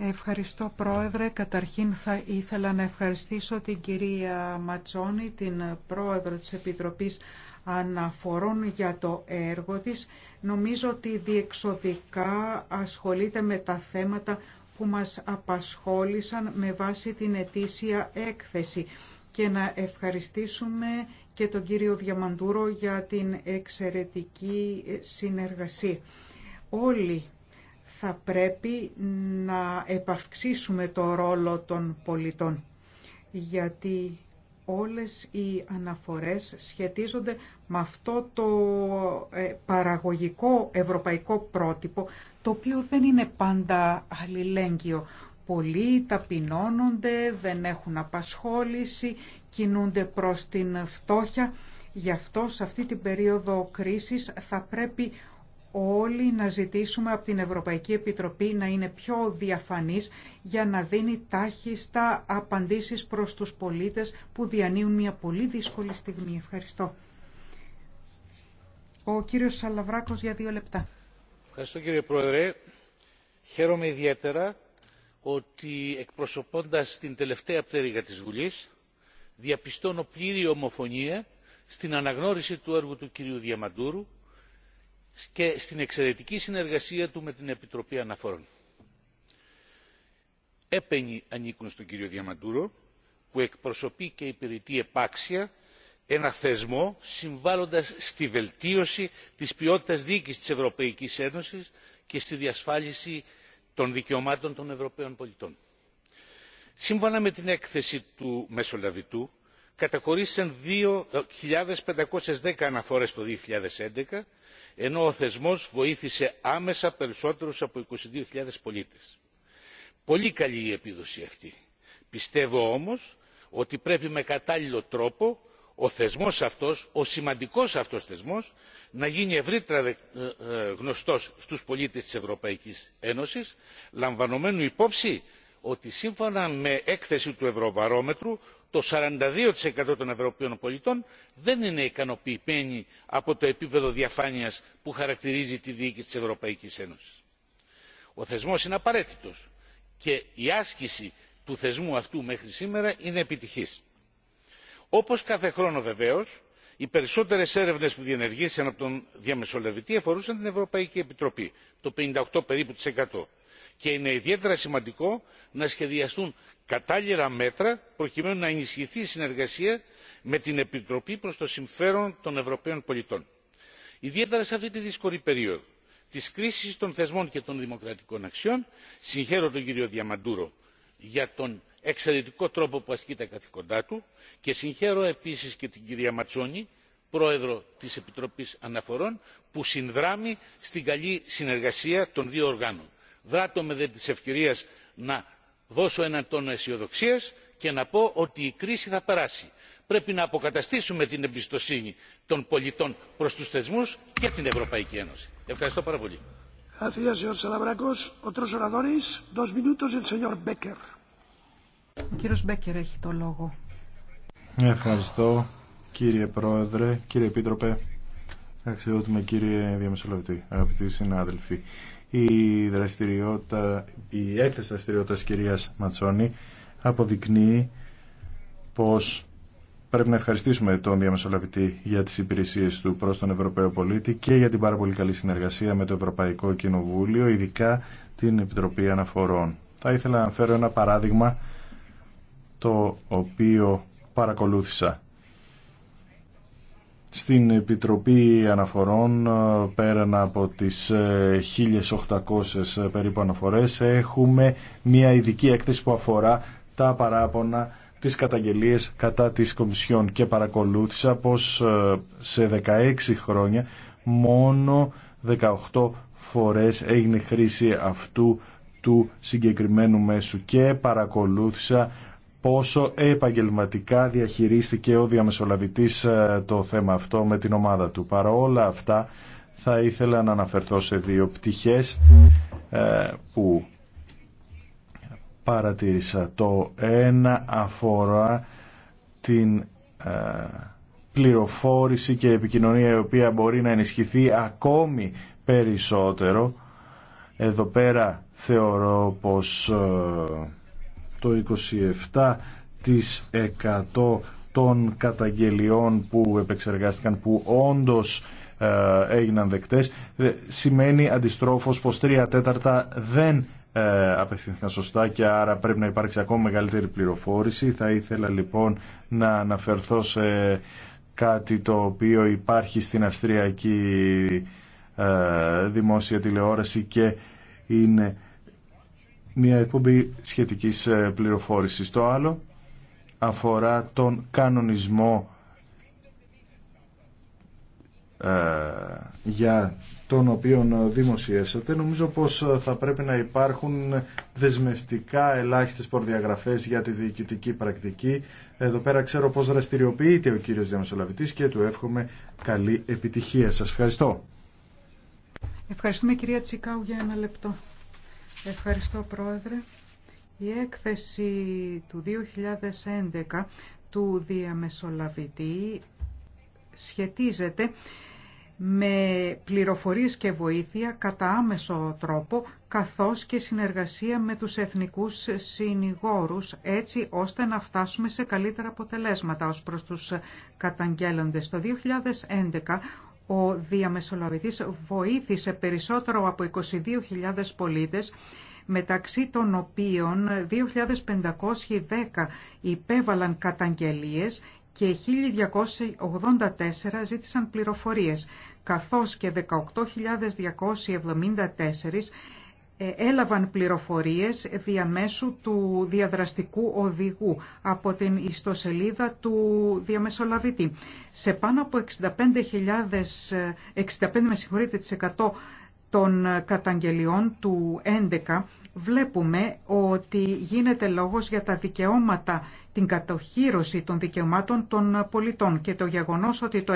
Ευχαριστώ Πρόεδρε. Καταρχήν θα ήθελα να ευχαριστήσω την κυρία Ματσόνη, την Πρόεδρο της Επιτροπής Αναφορών για το έργο της. Νομίζω ότι διεξοδικά ασχολείται με τα θέματα που μας απασχόλησαν με βάση την ετήσια έκθεση και να ευχαριστήσουμε και τον κύριο Διαμαντούρο για την εξαιρετική συνεργασία. Όλοι θα πρέπει να επαυξήσουμε το ρόλο των πολιτών, γιατί όλες οι αναφορές σχετίζονται με αυτό το ε, παραγωγικό ευρωπαϊκό πρότυπο το οποίο δεν είναι πάντα αλληλέγγυο. Πολλοί ταπεινώνονται, δεν έχουν απασχόληση, κινούνται προς την φτώχεια. Γι' αυτό σε αυτή την περίοδο κρίσης θα πρέπει όλοι να ζητήσουμε από την Ευρωπαϊκή Επιτροπή να είναι πιο διαφανής για να δίνει τάχιστα απαντήσεις προς τους πολίτες που διανύουν μια πολύ δύσκολη στιγμή. Ευχαριστώ. Ο κύριος Σαλαβράκος για δύο λεπτά κύριε πρόεδρε χαίρομαι ιδιαίτερα ότι εκπροσωπώντας την τελευταία πτέρυγα της βουλής διαπιστώνω πλήρη ομοφωνία στην αναγνώριση του έργου του κυρίου διαμαντούρου και στην εξαιρετική συνεργασία του με την επιτροπή αναφορών. έπαινοι ανήκουν στον κύριο διαμαντούρο που εκπροσωπεί και υπηρετεί επάξια ένα θεσμό συμβάλλοντας στη βελτίωση της ποιότητας διοίκησης της Ευρωπαϊκής Ένωσης και στη διασφάλιση των δικαιωμάτων των Ευρωπαίων πολιτών. Σύμφωνα με την έκθεση του Μεσολαβητού, καταχωρήσαν 2.510 αναφορές το 2011, ενώ ο θεσμός βοήθησε άμεσα περισσότερους από 22.000 πολίτες. Πολύ καλή η επίδοση αυτή. Πιστεύω όμως ότι πρέπει με κατάλληλο τρόπο ο θεσμός αυτός ο σημαντικός αυτός θεσμός να γίνει ευρύτερα ε, ε, γνωστός στους πολίτες της ευρωπαϊκής ένωσης λαμβανομένου υπόψη ότι σύμφωνα με έκθεση του ευρωβαρόμετρου το 42% των ευρωπαίων πολιτών δεν είναι ικανοποιημένοι από το επίπεδο διαφάνειας που χαρακτηρίζει τη διοίκηση της ευρωπαϊκής ένωσης. ο θεσμός είναι απαραίτητος και η άσκηση του θεσμού αυτού μέχρι σήμερα είναι επιτυχής όπως κάθε χρόνο βεβαίως οι περισσότερες έρευνες που διενεργήθηκαν από τον διαμεσολαβητή αφορούσαν την ευρωπαϊκή επιτροπή το 58 περίπου και είναι ιδιαίτερα σημαντικό να σχεδιαστούν κατάλληλα μέτρα προκειμένου να ενισχυθεί η συνεργασία με την επιτροπή προς το συμφέρον των ευρωπαίων πολιτών. ιδιαίτερα σε αυτή τη δύσκολη περίοδο της κρίσης των θεσμών και των δημοκρατικών αξιών συγχαίρω τον κύριο διαμαντούρο για τον εξαιρετικό τρόπο που ασκεί τα καθήκοντά του και συγχαίρω επίσης και την κυρία ματσόνη πρόεδρο της επιτροπής αναφορών που συνδράμει στην καλή συνεργασία των δύο οργάνων. με δε της ευκαιρίας να δώσω έναν τόνο αισιοδοξία και να πω ότι η κρίση θα περάσει. πρέπει να αποκαταστήσουμε την εμπιστοσύνη των πολιτών προς τους θεσμούς και την ευρωπαϊκή ένωση. ευχαριστώ πάρα πολύ. Ο κύριος Μπέκερ έχει το λόγο. Ευχαριστώ κύριε Πρόεδρε, κύριε Επίτροπε, αξιότιμα κύριε Διαμεσολαβητή, αγαπητοί συνάδελφοι. Η, δραστηριότητα, η έκθεση δραστηριότητα κυρίας Ματσόνη αποδεικνύει πως πρέπει να ευχαριστήσουμε τον διαμεσολαβητή για τις υπηρεσίες του προς τον Ευρωπαίο πολίτη και για την πάρα πολύ καλή συνεργασία με το Ευρωπαϊκό Κοινοβούλιο, ειδικά την Επιτροπή Αναφορών. Θα ήθελα να φέρω ένα παράδειγμα το οποίο παρακολούθησα. Στην Επιτροπή Αναφορών, ε, πέραν από τις 1.800 ε, ε, περίπου αναφορές, έχουμε μια ειδική έκθεση που αφορά τα παράπονα της καταγγελίες κατά της Κομισιόν και παρακολούθησα πως σε 16 χρόνια μόνο 18 φορές έγινε χρήση αυτού του συγκεκριμένου μέσου και παρακολούθησα πόσο επαγγελματικά διαχειρίστηκε ο διαμεσολαβητής ε, το θέμα αυτό με την ομάδα του. Παρά όλα αυτά θα ήθελα να αναφερθώ σε δύο πτυχές ε, που παρατήρησα. Το ένα αφορά την ε, πληροφόρηση και επικοινωνία η οποία μπορεί να ενισχυθεί ακόμη περισσότερο. Εδώ πέρα θεωρώ πως το 27% των καταγγελιών που επεξεργάστηκαν που όντως ε, έγιναν δεκτές σημαίνει αντιστρόφως πως 3 τέταρτα δεν ε, απευθυνθήκαν σωστά και άρα πρέπει να υπάρξει ακόμα μεγαλύτερη πληροφόρηση. Θα ήθελα λοιπόν να αναφερθώ σε κάτι το οποίο υπάρχει στην Αυστριακή ε, δημόσια τηλεόραση και είναι μια εκπομπή σχετικής ε, πληροφόρησης. Το άλλο αφορά τον κανονισμό ε, για τον οποίο δημοσιεύσατε. Νομίζω πως ε, θα πρέπει να υπάρχουν δεσμευτικά ελάχιστες προδιαγραφές για τη διοικητική πρακτική. Εδώ πέρα ξέρω πως δραστηριοποιείται ο κύριος Διαμεσολαβητής και του εύχομαι καλή επιτυχία. Σας ευχαριστώ. Ευχαριστούμε κυρία Τσικάου για ένα λεπτό. Ευχαριστώ Πρόεδρε. Η έκθεση του 2011 του διαμεσολαβητή σχετίζεται με πληροφορίες και βοήθεια κατά άμεσο τρόπο, καθώς και συνεργασία με τους εθνικούς συνηγόρους, έτσι ώστε να φτάσουμε σε καλύτερα αποτελέσματα ως προς τους καταγγέλλοντες. Το 2011 ο διαμεσολαβητής βοήθησε περισσότερο από 22.000 πολίτες, μεταξύ των οποίων 2.510 υπέβαλαν καταγγελίες και 1.284 ζήτησαν πληροφορίες, καθώς και 18.274 ε, έλαβαν πληροφορίες διαμέσου του διαδραστικού οδηγού από την ιστοσελίδα του διαμεσολαβητή. Σε πάνω από 65.000, 65 ε, των καταγγελιών του 11 βλέπουμε ότι γίνεται λόγος για τα δικαιώματα, την κατοχήρωση των δικαιωμάτων των πολιτών και το γεγονός ότι το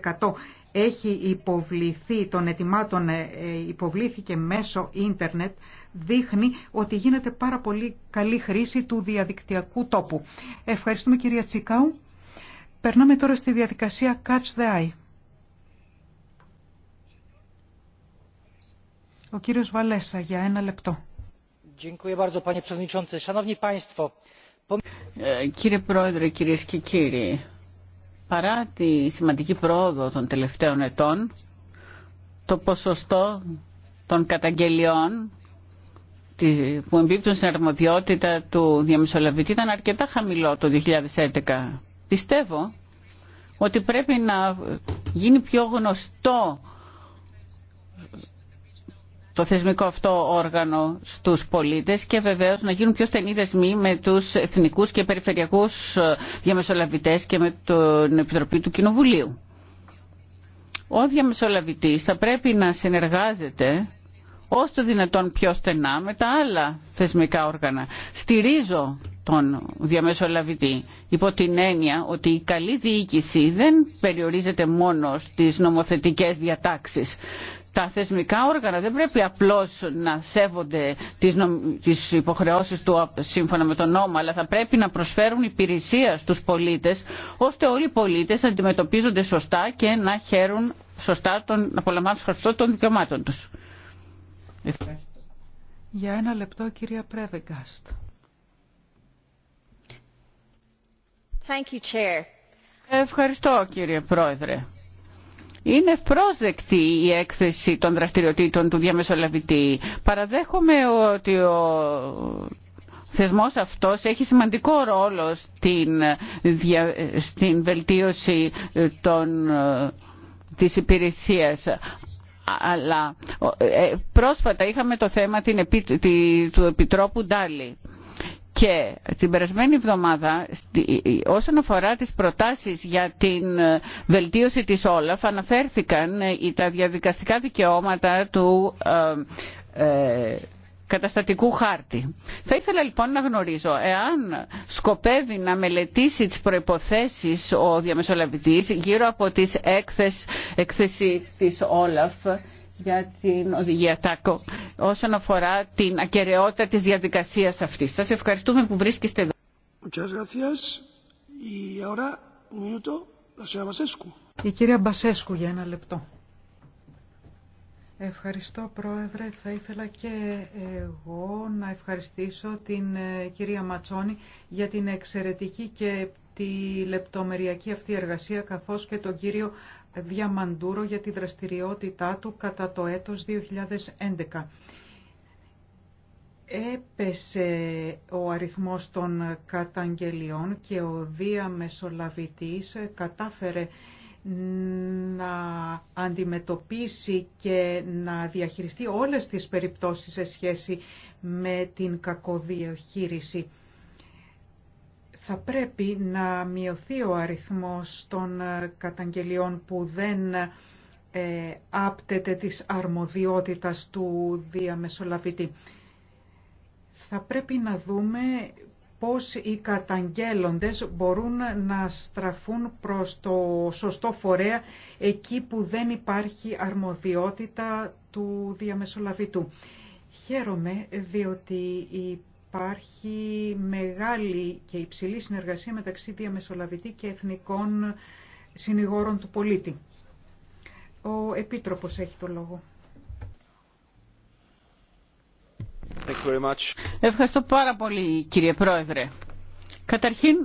61% έχει υποβληθεί, των ετοιμάτων ε, υποβλήθηκε μέσω ίντερνετ, δείχνει ότι γίνεται πάρα πολύ καλή χρήση του διαδικτυακού τόπου. Ευχαριστούμε κυρία Τσικάου. Περνάμε τώρα στη διαδικασία Catch the Eye. Ο κύριος Βαλέσα για ένα λεπτό. Ε, κύριε Πρόεδρε, κυρίες και κύριοι, παρά τη σημαντική πρόοδο των τελευταίων ετών, το ποσοστό των καταγγελιών που εμπίπτουν στην αρμοδιότητα του διαμεσολαβητή ήταν αρκετά χαμηλό το 2011. Πιστεύω ότι πρέπει να γίνει πιο γνωστό το θεσμικό αυτό όργανο στους πολίτες και βεβαίως να γίνουν πιο στενοί δεσμοί με τους εθνικούς και περιφερειακούς διαμεσολαβητές και με την Επιτροπή του Κοινοβουλίου. Ο διαμεσολαβητής θα πρέπει να συνεργάζεται ως το δυνατόν πιο στενά με τα άλλα θεσμικά όργανα. Στηρίζω τον διαμεσολαβητή υπό την έννοια ότι η καλή διοίκηση δεν περιορίζεται μόνο στις νομοθετικές διατάξεις τα θεσμικά όργανα δεν πρέπει απλώς να σέβονται τις, νομ... υποχρεώσεις του σύμφωνα με τον νόμο, αλλά θα πρέπει να προσφέρουν υπηρεσία στους πολίτες, ώστε όλοι οι πολίτες να αντιμετωπίζονται σωστά και να χαίρουν σωστά, τον... να απολαμβάνουν των δικαιωμάτων τους. Για ένα λεπτό, κυρία Πρέβεγκάστ. Ευχαριστώ, κύριε Πρόεδρε. Είναι ευπρόσδεκτη η έκθεση των δραστηριοτήτων του διαμεσολαβητή. Παραδέχομαι ότι ο θεσμός αυτός έχει σημαντικό ρόλο στην, στην βελτίωση των, της υπηρεσίας αλλά ε, πρόσφατα είχαμε το θέμα του Επιτρόπου Ντάλι και την περασμένη εβδομάδα, όσον αφορά τις προτάσεις για την ε, βελτίωση της Όλαφ, αναφέρθηκαν ε, τα διαδικαστικά δικαιώματα του ε, καταστατικού χάρτη. Θα ήθελα λοιπόν να γνωρίζω εάν σκοπεύει να μελετήσει τις προϋποθέσεις ο διαμεσολαβητής γύρω από τις έκθεση, έκθεση της Όλαφ για την οδηγία ΤΑΚΟ όσον αφορά την ακαιρεότητα της διαδικασίας αυτής. Σας ευχαριστούμε που βρίσκεστε εδώ. Η κυρία Μπασέσκου για ένα λεπτό. Ευχαριστώ Πρόεδρε. Θα ήθελα και εγώ να ευχαριστήσω την ε, κυρία Ματσόνη για την εξαιρετική και τη λεπτομεριακή αυτή εργασία καθώς και τον κύριο Διαμαντούρο για τη δραστηριότητά του κατά το έτος 2011. Έπεσε ο αριθμός των καταγγελιών και ο διαμεσολαβητής κατάφερε να αντιμετωπίσει και να διαχειριστεί όλες τις περιπτώσεις σε σχέση με την κακοδιαχείριση θα πρέπει να μειωθεί ο αριθμός των ε, καταγγελιών που δεν ε, άπτεται της αρμοδιότητας του διαμεσολαβητή. Θα πρέπει να δούμε πώς οι καταγγέλλοντες μπορούν να στραφούν προς το σωστό φορέα εκεί που δεν υπάρχει αρμοδιότητα του διαμεσολαβητού. Χαίρομαι διότι η υπάρχει μεγάλη και υψηλή συνεργασία μεταξύ διαμεσολαβητή και εθνικών συνηγόρων του πολίτη. Ο Επίτροπος έχει το λόγο. Ευχαριστώ πάρα πολύ κύριε Πρόεδρε. Καταρχήν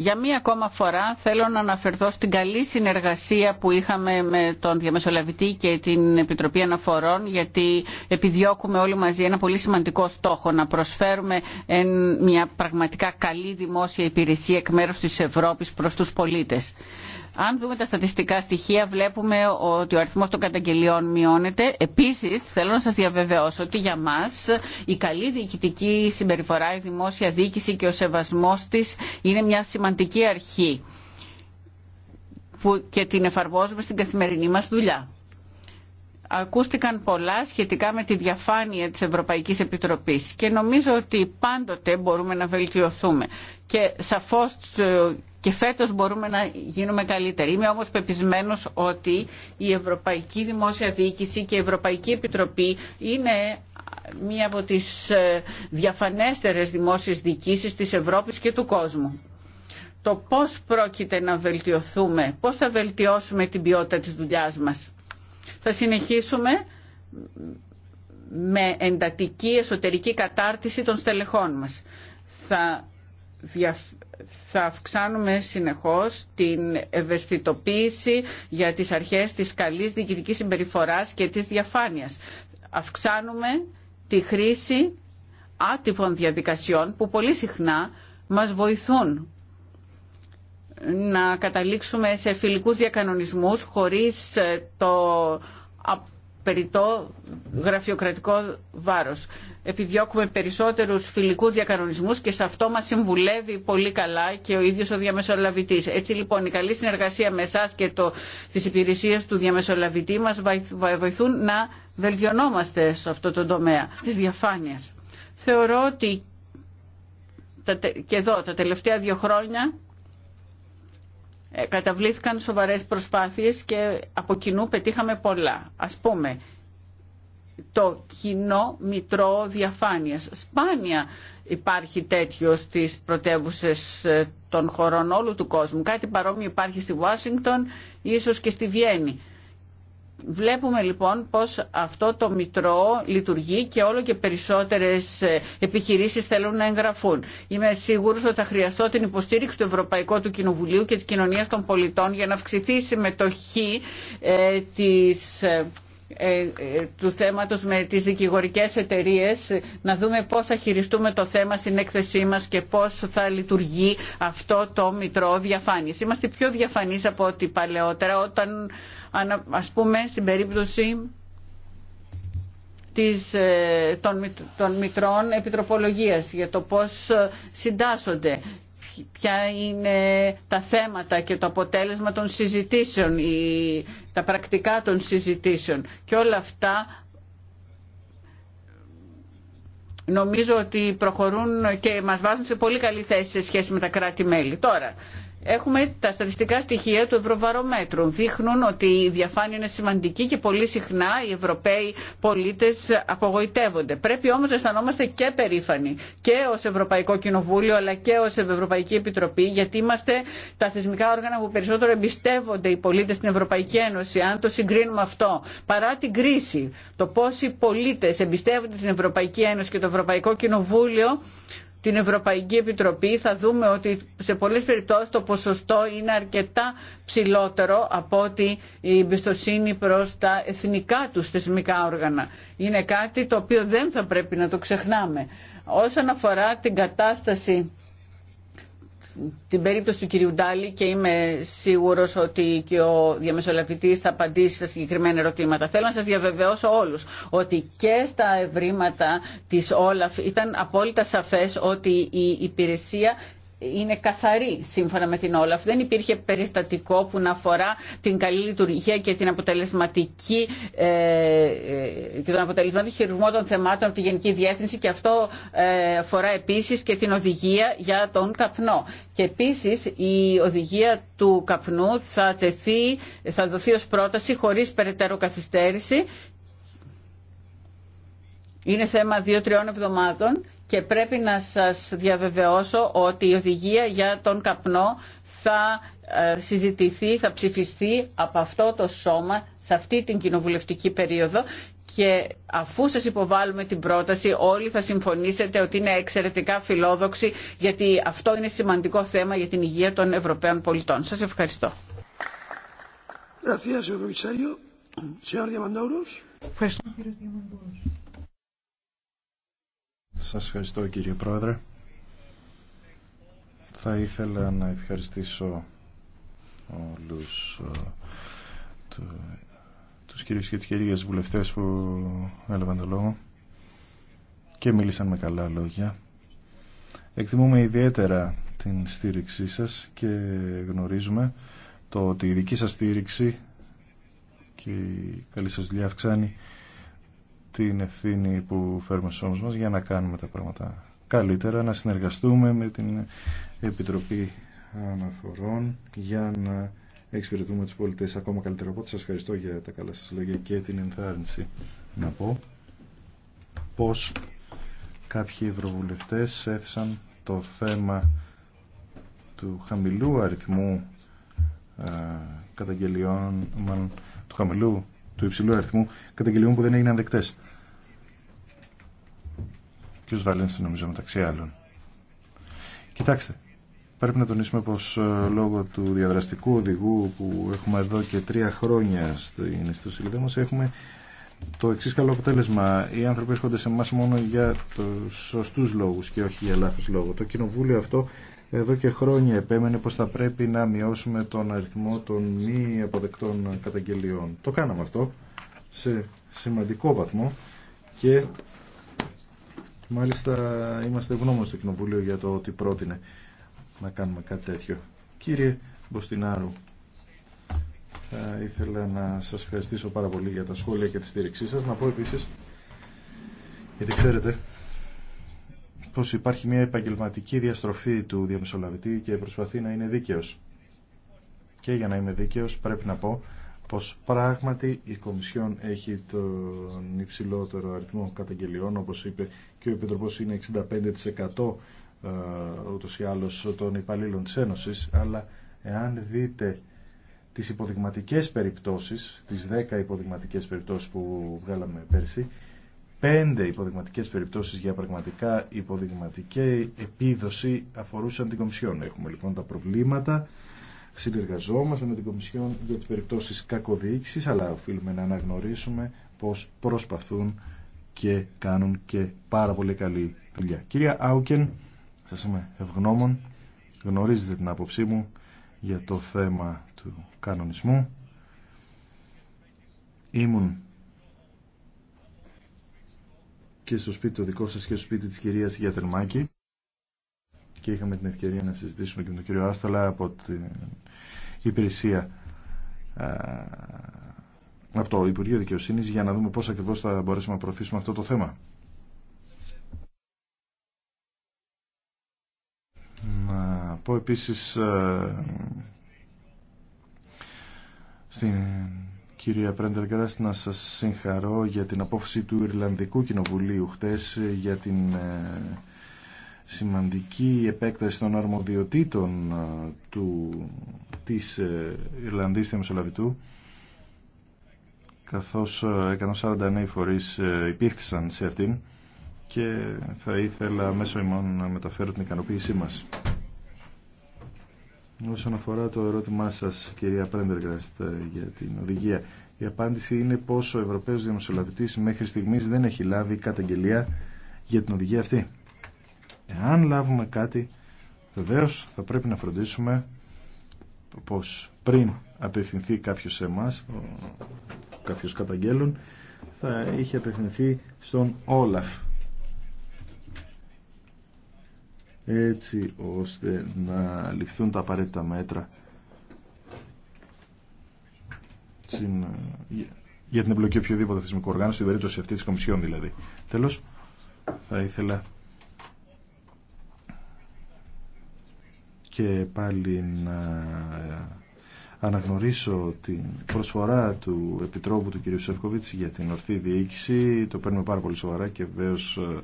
για μία ακόμα φορά θέλω να αναφερθώ στην καλή συνεργασία που είχαμε με τον Διαμεσολαβητή και την Επιτροπή Αναφορών γιατί επιδιώκουμε όλοι μαζί ένα πολύ σημαντικό στόχο να προσφέρουμε μια πραγματικά καλή δημόσια υπηρεσία εκ μέρους της Ευρώπης προς τους πολίτες. Αν δούμε τα στατιστικά στοιχεία βλέπουμε ότι ο αριθμό των καταγγελιών μειώνεται. Επίσης θέλω να σας διαβεβαιώσω ότι για μας η καλή διοικητική συμπεριφορά, η δημόσια διοίκηση και ο σεβασμός τη είναι μια σημαντική αρχή που και την εφαρμόζουμε στην καθημερινή μας δουλειά. Ακούστηκαν πολλά σχετικά με τη διαφάνεια της Ευρωπαϊκής Επιτροπής και νομίζω ότι πάντοτε μπορούμε να βελτιωθούμε. Και σαφώς και φέτος μπορούμε να γίνουμε καλύτεροι. Είμαι όμως πεπισμένος ότι η Ευρωπαϊκή Δημόσια Διοίκηση και η Ευρωπαϊκή Επιτροπή είναι μία από τις ε, διαφανέστερες δημόσιες διοικήσεις της Ευρώπης και του κόσμου. Το πώς πρόκειται να βελτιωθούμε, πώς θα βελτιώσουμε την ποιότητα της δουλειάς μας. Θα συνεχίσουμε με εντατική εσωτερική κατάρτιση των στελεχών μας θα αυξάνουμε συνεχώς την ευαισθητοποίηση για τις αρχές της καλής διοικητικής συμπεριφοράς και της διαφάνειας. Αυξάνουμε τη χρήση άτυπων διαδικασιών που πολύ συχνά μας βοηθούν να καταλήξουμε σε φιλικούς διακανονισμούς χωρίς ε, το περιττό γραφειοκρατικό βάρος. Επιδιώκουμε περισσότερους φιλικούς διακανονισμούς και σε αυτό μας συμβουλεύει πολύ καλά και ο ίδιος ο διαμεσολαβητής. Έτσι λοιπόν η καλή συνεργασία με εσά και το, τις υπηρεσίες του διαμεσολαβητή μας βοηθούν να βελτιωνόμαστε σε αυτό το τομέα της διαφάνειας. Θεωρώ ότι και εδώ τα τελευταία δύο χρόνια ε, καταβλήθηκαν σοβαρές προσπάθειες και από κοινού πετύχαμε πολλά. Ας πούμε, το κοινό μητρό διαφάνειας. Σπάνια υπάρχει τέτοιο στις πρωτεύουσε ε, των χωρών όλου του κόσμου. Κάτι παρόμοιο υπάρχει στη Ουάσιγκτον, ίσως και στη Βιέννη. Βλέπουμε λοιπόν πως αυτό το μητρό λειτουργεί και όλο και περισσότερες ε, επιχειρήσεις θέλουν να εγγραφούν. Είμαι σίγουρος ότι θα χρειαστώ την υποστήριξη του Ευρωπαϊκού του Κοινοβουλίου και της κοινωνίας των πολιτών για να αυξηθεί η συμμετοχή ε, της ε, ε, ε, του θέματος με τις δικηγορικές εταιρείες να δούμε πώς θα χειριστούμε το θέμα στην έκθεσή μας και πώς θα λειτουργεί αυτό το μητρό διαφάνειας. Είμαστε πιο διαφανείς από ό,τι παλαιότερα όταν ας πούμε στην περίπτωση της, ε, των, των μητρών επιτροπολογίας για το πώς συντάσσονται ποια είναι τα θέματα και το αποτέλεσμα των συζητήσεων, τα πρακτικά των συζητήσεων και όλα αυτά νομίζω ότι προχωρούν και μας βάζουν σε πολύ καλή θέση σε σχέση με τα κράτη-μέλη. Τώρα, Έχουμε τα στατιστικά στοιχεία του Ευρωβαρομέτρου. Δείχνουν ότι η διαφάνεια είναι σημαντική και πολύ συχνά οι Ευρωπαίοι πολίτε απογοητεύονται. Πρέπει όμω να αισθανόμαστε και περήφανοι και ω Ευρωπαϊκό Κοινοβούλιο αλλά και ω Ευρωπαϊκή Επιτροπή γιατί είμαστε τα θεσμικά όργανα που περισσότερο εμπιστεύονται οι πολίτε στην Ευρωπαϊκή Ένωση. Αν το συγκρίνουμε αυτό παρά την κρίση, το πόσοι οι πολίτε εμπιστεύονται την Ευρωπαϊκή Ένωση και το Ευρωπαϊκό Κοινοβούλιο την Ευρωπαϊκή Επιτροπή θα δούμε ότι σε πολλές περιπτώσεις το ποσοστό είναι αρκετά ψηλότερο από ότι η εμπιστοσύνη προς τα εθνικά τους θεσμικά όργανα. Είναι κάτι το οποίο δεν θα πρέπει να το ξεχνάμε. Όσον αφορά την κατάσταση την περίπτωση του κυρίου Ντάλη και είμαι σίγουρος ότι και ο διαμεσολαβητής θα απαντήσει στα συγκεκριμένα ερωτήματα. Θέλω να σα διαβεβαιώσω όλους ότι και στα ευρήματα της Όλαφ ήταν απόλυτα σαφές ότι η υπηρεσία είναι καθαρή σύμφωνα με την Όλαφ. Δεν υπήρχε περιστατικό που να αφορά την καλή λειτουργία και, την αποτελεσματική, ε, ε, και τον αποτελεσματικό χειρισμό των θεμάτων από τη Γενική Διεύθυνση και αυτό ε, αφορά επίσης και την οδηγία για τον καπνό. Και επίσης η οδηγία του καπνού θα, τεθεί, θα δοθεί ως πρόταση χωρίς περαιτέρω καθυστέρηση. Είναι θέμα δύο-τριών εβδομάδων και πρέπει να σας διαβεβαιώσω ότι η οδηγία για τον καπνό θα ε, συζητηθεί, θα ψηφιστεί από αυτό το σώμα σε αυτή την κοινοβουλευτική περίοδο και αφού σας υποβάλουμε την πρόταση όλοι θα συμφωνήσετε ότι είναι εξαιρετικά φιλόδοξη γιατί αυτό είναι σημαντικό θέμα για την υγεία των Ευρωπαίων πολιτών. Σας ευχαριστώ. Ευχαριστώ, σας ευχαριστώ κύριε Πρόεδρε. Θα ήθελα να ευχαριστήσω όλους ε, τους κυρίους και τις κυρίες βουλευτές που έλαβαν το λόγο και μίλησαν με καλά λόγια. Εκτιμούμε ιδιαίτερα την στήριξή σας και γνωρίζουμε το ότι η δική σας στήριξη και η καλή σας δουλειά αυξάνει την ευθύνη που φέρουμε στους ώμους μας για να κάνουμε τα πράγματα καλύτερα, να συνεργαστούμε με την Επιτροπή Αναφορών για να εξυπηρετούμε τους πολιτές ακόμα καλύτερα. Οπότε σας ευχαριστώ για τα καλά σας λόγια και την ενθάρρυνση να πω πως κάποιοι ευρωβουλευτές έθεσαν το θέμα του χαμηλού αριθμού καταγγελιών, μάλλον του χαμηλού, του υψηλού αριθμού καταγγελιών που δεν έγιναν δεκτές κ. Βαλένση νομίζω μεταξύ άλλων. Κοιτάξτε, πρέπει να τονίσουμε πως ε, λόγω του διαδραστικού οδηγού που έχουμε εδώ και τρία χρόνια στην ιστοσελίδα μας έχουμε το εξή καλό αποτέλεσμα. Οι άνθρωποι έρχονται σε εμά μόνο για του σωστού λόγου και όχι για λάθο λόγο. Το κοινοβούλιο αυτό εδώ και χρόνια επέμενε πως θα πρέπει να μειώσουμε τον αριθμό των μη αποδεκτών καταγγελιών. Το κάναμε αυτό σε σημαντικό βαθμό και Μάλιστα είμαστε ευγνώμων στο Κοινοβούλιο για το ότι πρότεινε να κάνουμε κάτι τέτοιο. Κύριε Μποστινάρου, θα ήθελα να σας ευχαριστήσω πάρα πολύ για τα σχόλια και τη στήριξή σας. Να πω επίσης, γιατί ξέρετε, πως υπάρχει μια επαγγελματική διαστροφή του διαμεσολαβητή και προσπαθεί να είναι δίκαιος. Και για να είμαι δίκαιος πρέπει να πω πως πράγματι η Κομισιόν έχει τον υψηλότερο αριθμό καταγγελιών, όπως είπε και ο Επιτροπός είναι 65% ε, ούτως ή άλλως των υπαλλήλων της Ένωσης, αλλά εάν δείτε τις υποδειγματικές περιπτώσεις, τις 10 υποδειγματικές περιπτώσεις που βγάλαμε πέρσι, 5 υποδειγματικές περιπτώσεις για πραγματικά υποδειγματική επίδοση αφορούσαν την Κομισιόν. Έχουμε λοιπόν τα προβλήματα συνεργαζόμαστε με την Κομισιόν για τις περιπτώσεις κακοδιοίκησης, αλλά οφείλουμε να αναγνωρίσουμε πως προσπαθούν και κάνουν και πάρα πολύ καλή δουλειά. Κυρία Άουκεν, σας είμαι ευγνώμων, γνωρίζετε την άποψή μου για το θέμα του κανονισμού. Ήμουν και στο σπίτι το δικό σας και στο σπίτι της κυρίας Γιατερμάκη και είχαμε την ευκαιρία να συζητήσουμε και με τον κύριο Άσταλα από την υπηρεσία ε, από το Υπουργείο Δικαιοσύνης για να δούμε πώς ακριβώς θα μπορέσουμε να προωθήσουμε αυτό το θέμα. Να πω επίσης ε, στην κυρία Γκράστ να σας συγχαρώ για την απόφαση του Ιρλανδικού Κοινοβουλίου χτες για την ε, σημαντική επέκταση των αρμοδιοτήτων ε, του, της ε, Ιρλανδής Θεμεσολαβητού καθώς 149 ε, φορείς υπήρχαν σε αυτήν και θα ήθελα μέσω ημών να μεταφέρω την ικανοποίησή μας. Όσον αφορά το ερώτημά σας, κυρία Πρέντεργαστ, για την οδηγία, η απάντηση είναι πως ο Ευρωπαίος Δημοσιολαβητής μέχρι στιγμής δεν έχει λάβει καταγγελία για την οδηγία αυτή. Εάν λάβουμε κάτι, βεβαίω θα πρέπει να φροντίσουμε πως πριν απευθυνθεί κάποιος σε εμάς, κάποιος καταγγέλων, θα είχε απευθυνθεί στον Όλαφ. Έτσι ώστε να ληφθούν τα απαραίτητα μέτρα για την εμπλοκή οποιοδήποτε θεσμικού οργάνωση στην περίπτωση αυτή της Κομισιόν δηλαδή. Τέλος, θα ήθελα και πάλι να αναγνωρίσω την προσφορά του Επιτρόπου του κ. Σεύκοβιτς για την ορθή διοίκηση. Το παίρνουμε πάρα πολύ σοβαρά και βεβαίω ε,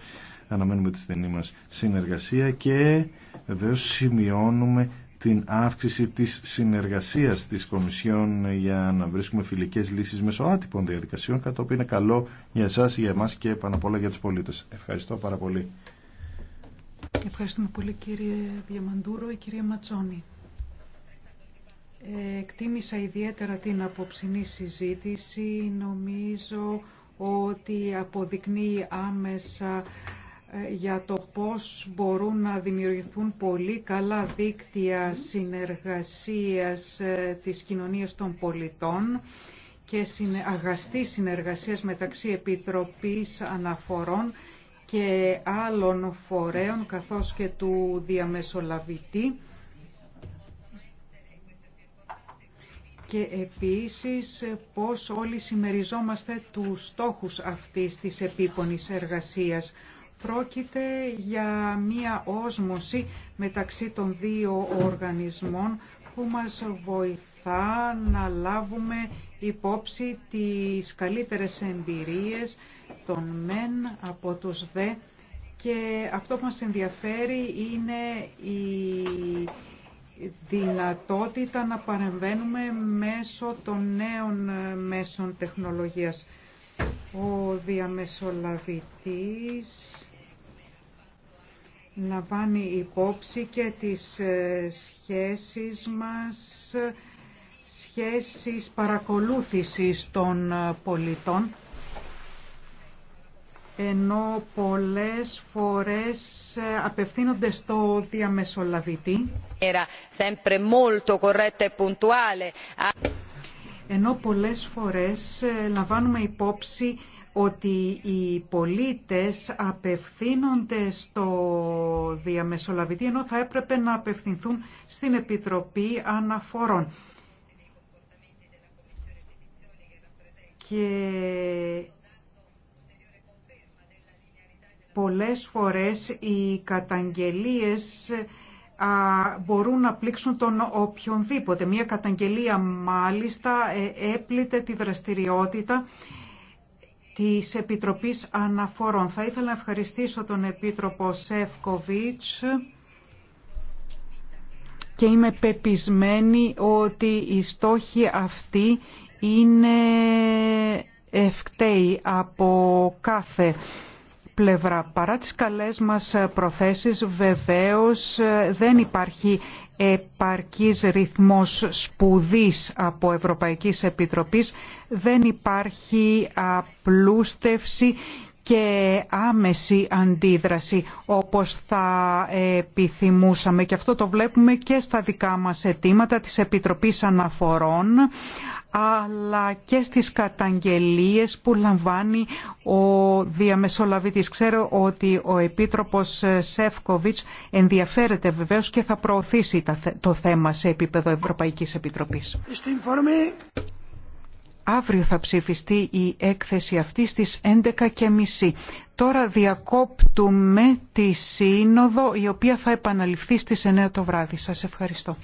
αναμένουμε τη στενή μας συνεργασία και βεβαίω σημειώνουμε την αύξηση της συνεργασίας της Κομισιόν για να βρίσκουμε φιλικές λύσεις μέσω άτυπων διαδικασιών, κατά το οποίο είναι καλό για εσάς, για εμάς και πάνω απ' όλα για τους πολίτες. Ευχαριστώ πάρα πολύ. Ευχαριστούμε πολύ κύριε Διαμαντούρο. Η κυρία Ματσόνη. Ε, εκτίμησα ιδιαίτερα την απόψινή συζήτηση. Νομίζω ότι αποδεικνύει άμεσα ε, για το πώς μπορούν να δημιουργηθούν πολύ καλά δίκτυα συνεργασίας ε, της κοινωνίας των πολιτών και αγαστή συνεργασίας μεταξύ Επιτροπής Αναφορών και άλλων φορέων καθώς και του διαμεσολαβητή και επίσης πώς όλοι συμμεριζόμαστε του στόχους αυτής της επίπονης εργασίας. Πρόκειται για μία όσμωση μεταξύ των δύο οργανισμών που μας βοηθούν θα αναλάβουμε λάβουμε υπόψη τις καλύτερες εμπειρίες των μεν από τους δε και αυτό που μας ενδιαφέρει είναι η δυνατότητα να παρεμβαίνουμε μέσω των νέων μέσων τεχνολογίας. Ο διαμεσολαβητής λαμβάνει υπόψη και τις ε, σχέσεις μας σχέσεις παρακολούθησης των ε, πολιτών ενώ πολλές φορές ε, απευθύνονται στο διαμεσολαβητή. E ενώ πολλές φορές ε, λαμβάνουμε υπόψη ότι οι πολίτες απευθύνονται στο διαμεσολαβητή, ενώ θα έπρεπε να απευθυνθούν στην Επιτροπή Αναφορών. και πολλές φορές οι καταγγελίες μπορούν να πλήξουν τον οποιονδήποτε. Μία καταγγελία μάλιστα ε, έπλητε τη δραστηριότητα της Επιτροπής Αναφορών. Θα ήθελα να ευχαριστήσω τον Επίτροπο Σεύκοβιτς και είμαι πεπισμένη ότι οι στόχοι αυτοί είναι ευκταίοι από κάθε πλευρά. Παρά τις καλές μας προθέσεις βεβαίως δεν υπάρχει επαρκής ρυθμός σπουδής από Ευρωπαϊκής Επιτροπής, δεν υπάρχει απλούστευση και άμεση αντίδραση όπως θα επιθυμούσαμε και αυτό το βλέπουμε και στα δικά μας αιτήματα της Επιτροπής Αναφορών αλλά και στις καταγγελίες που λαμβάνει ο διαμεσολαβητής. Ξέρω ότι ο Επίτροπος Σεύκοβιτς ενδιαφέρεται βεβαίως και θα προωθήσει το θέμα σε επίπεδο Ευρωπαϊκής Επιτροπής. Αύριο θα ψηφιστεί η έκθεση αυτή στις 11.30. Τώρα διακόπτουμε τη σύνοδο η οποία θα επαναληφθεί στις 9 το βράδυ. Σας ευχαριστώ.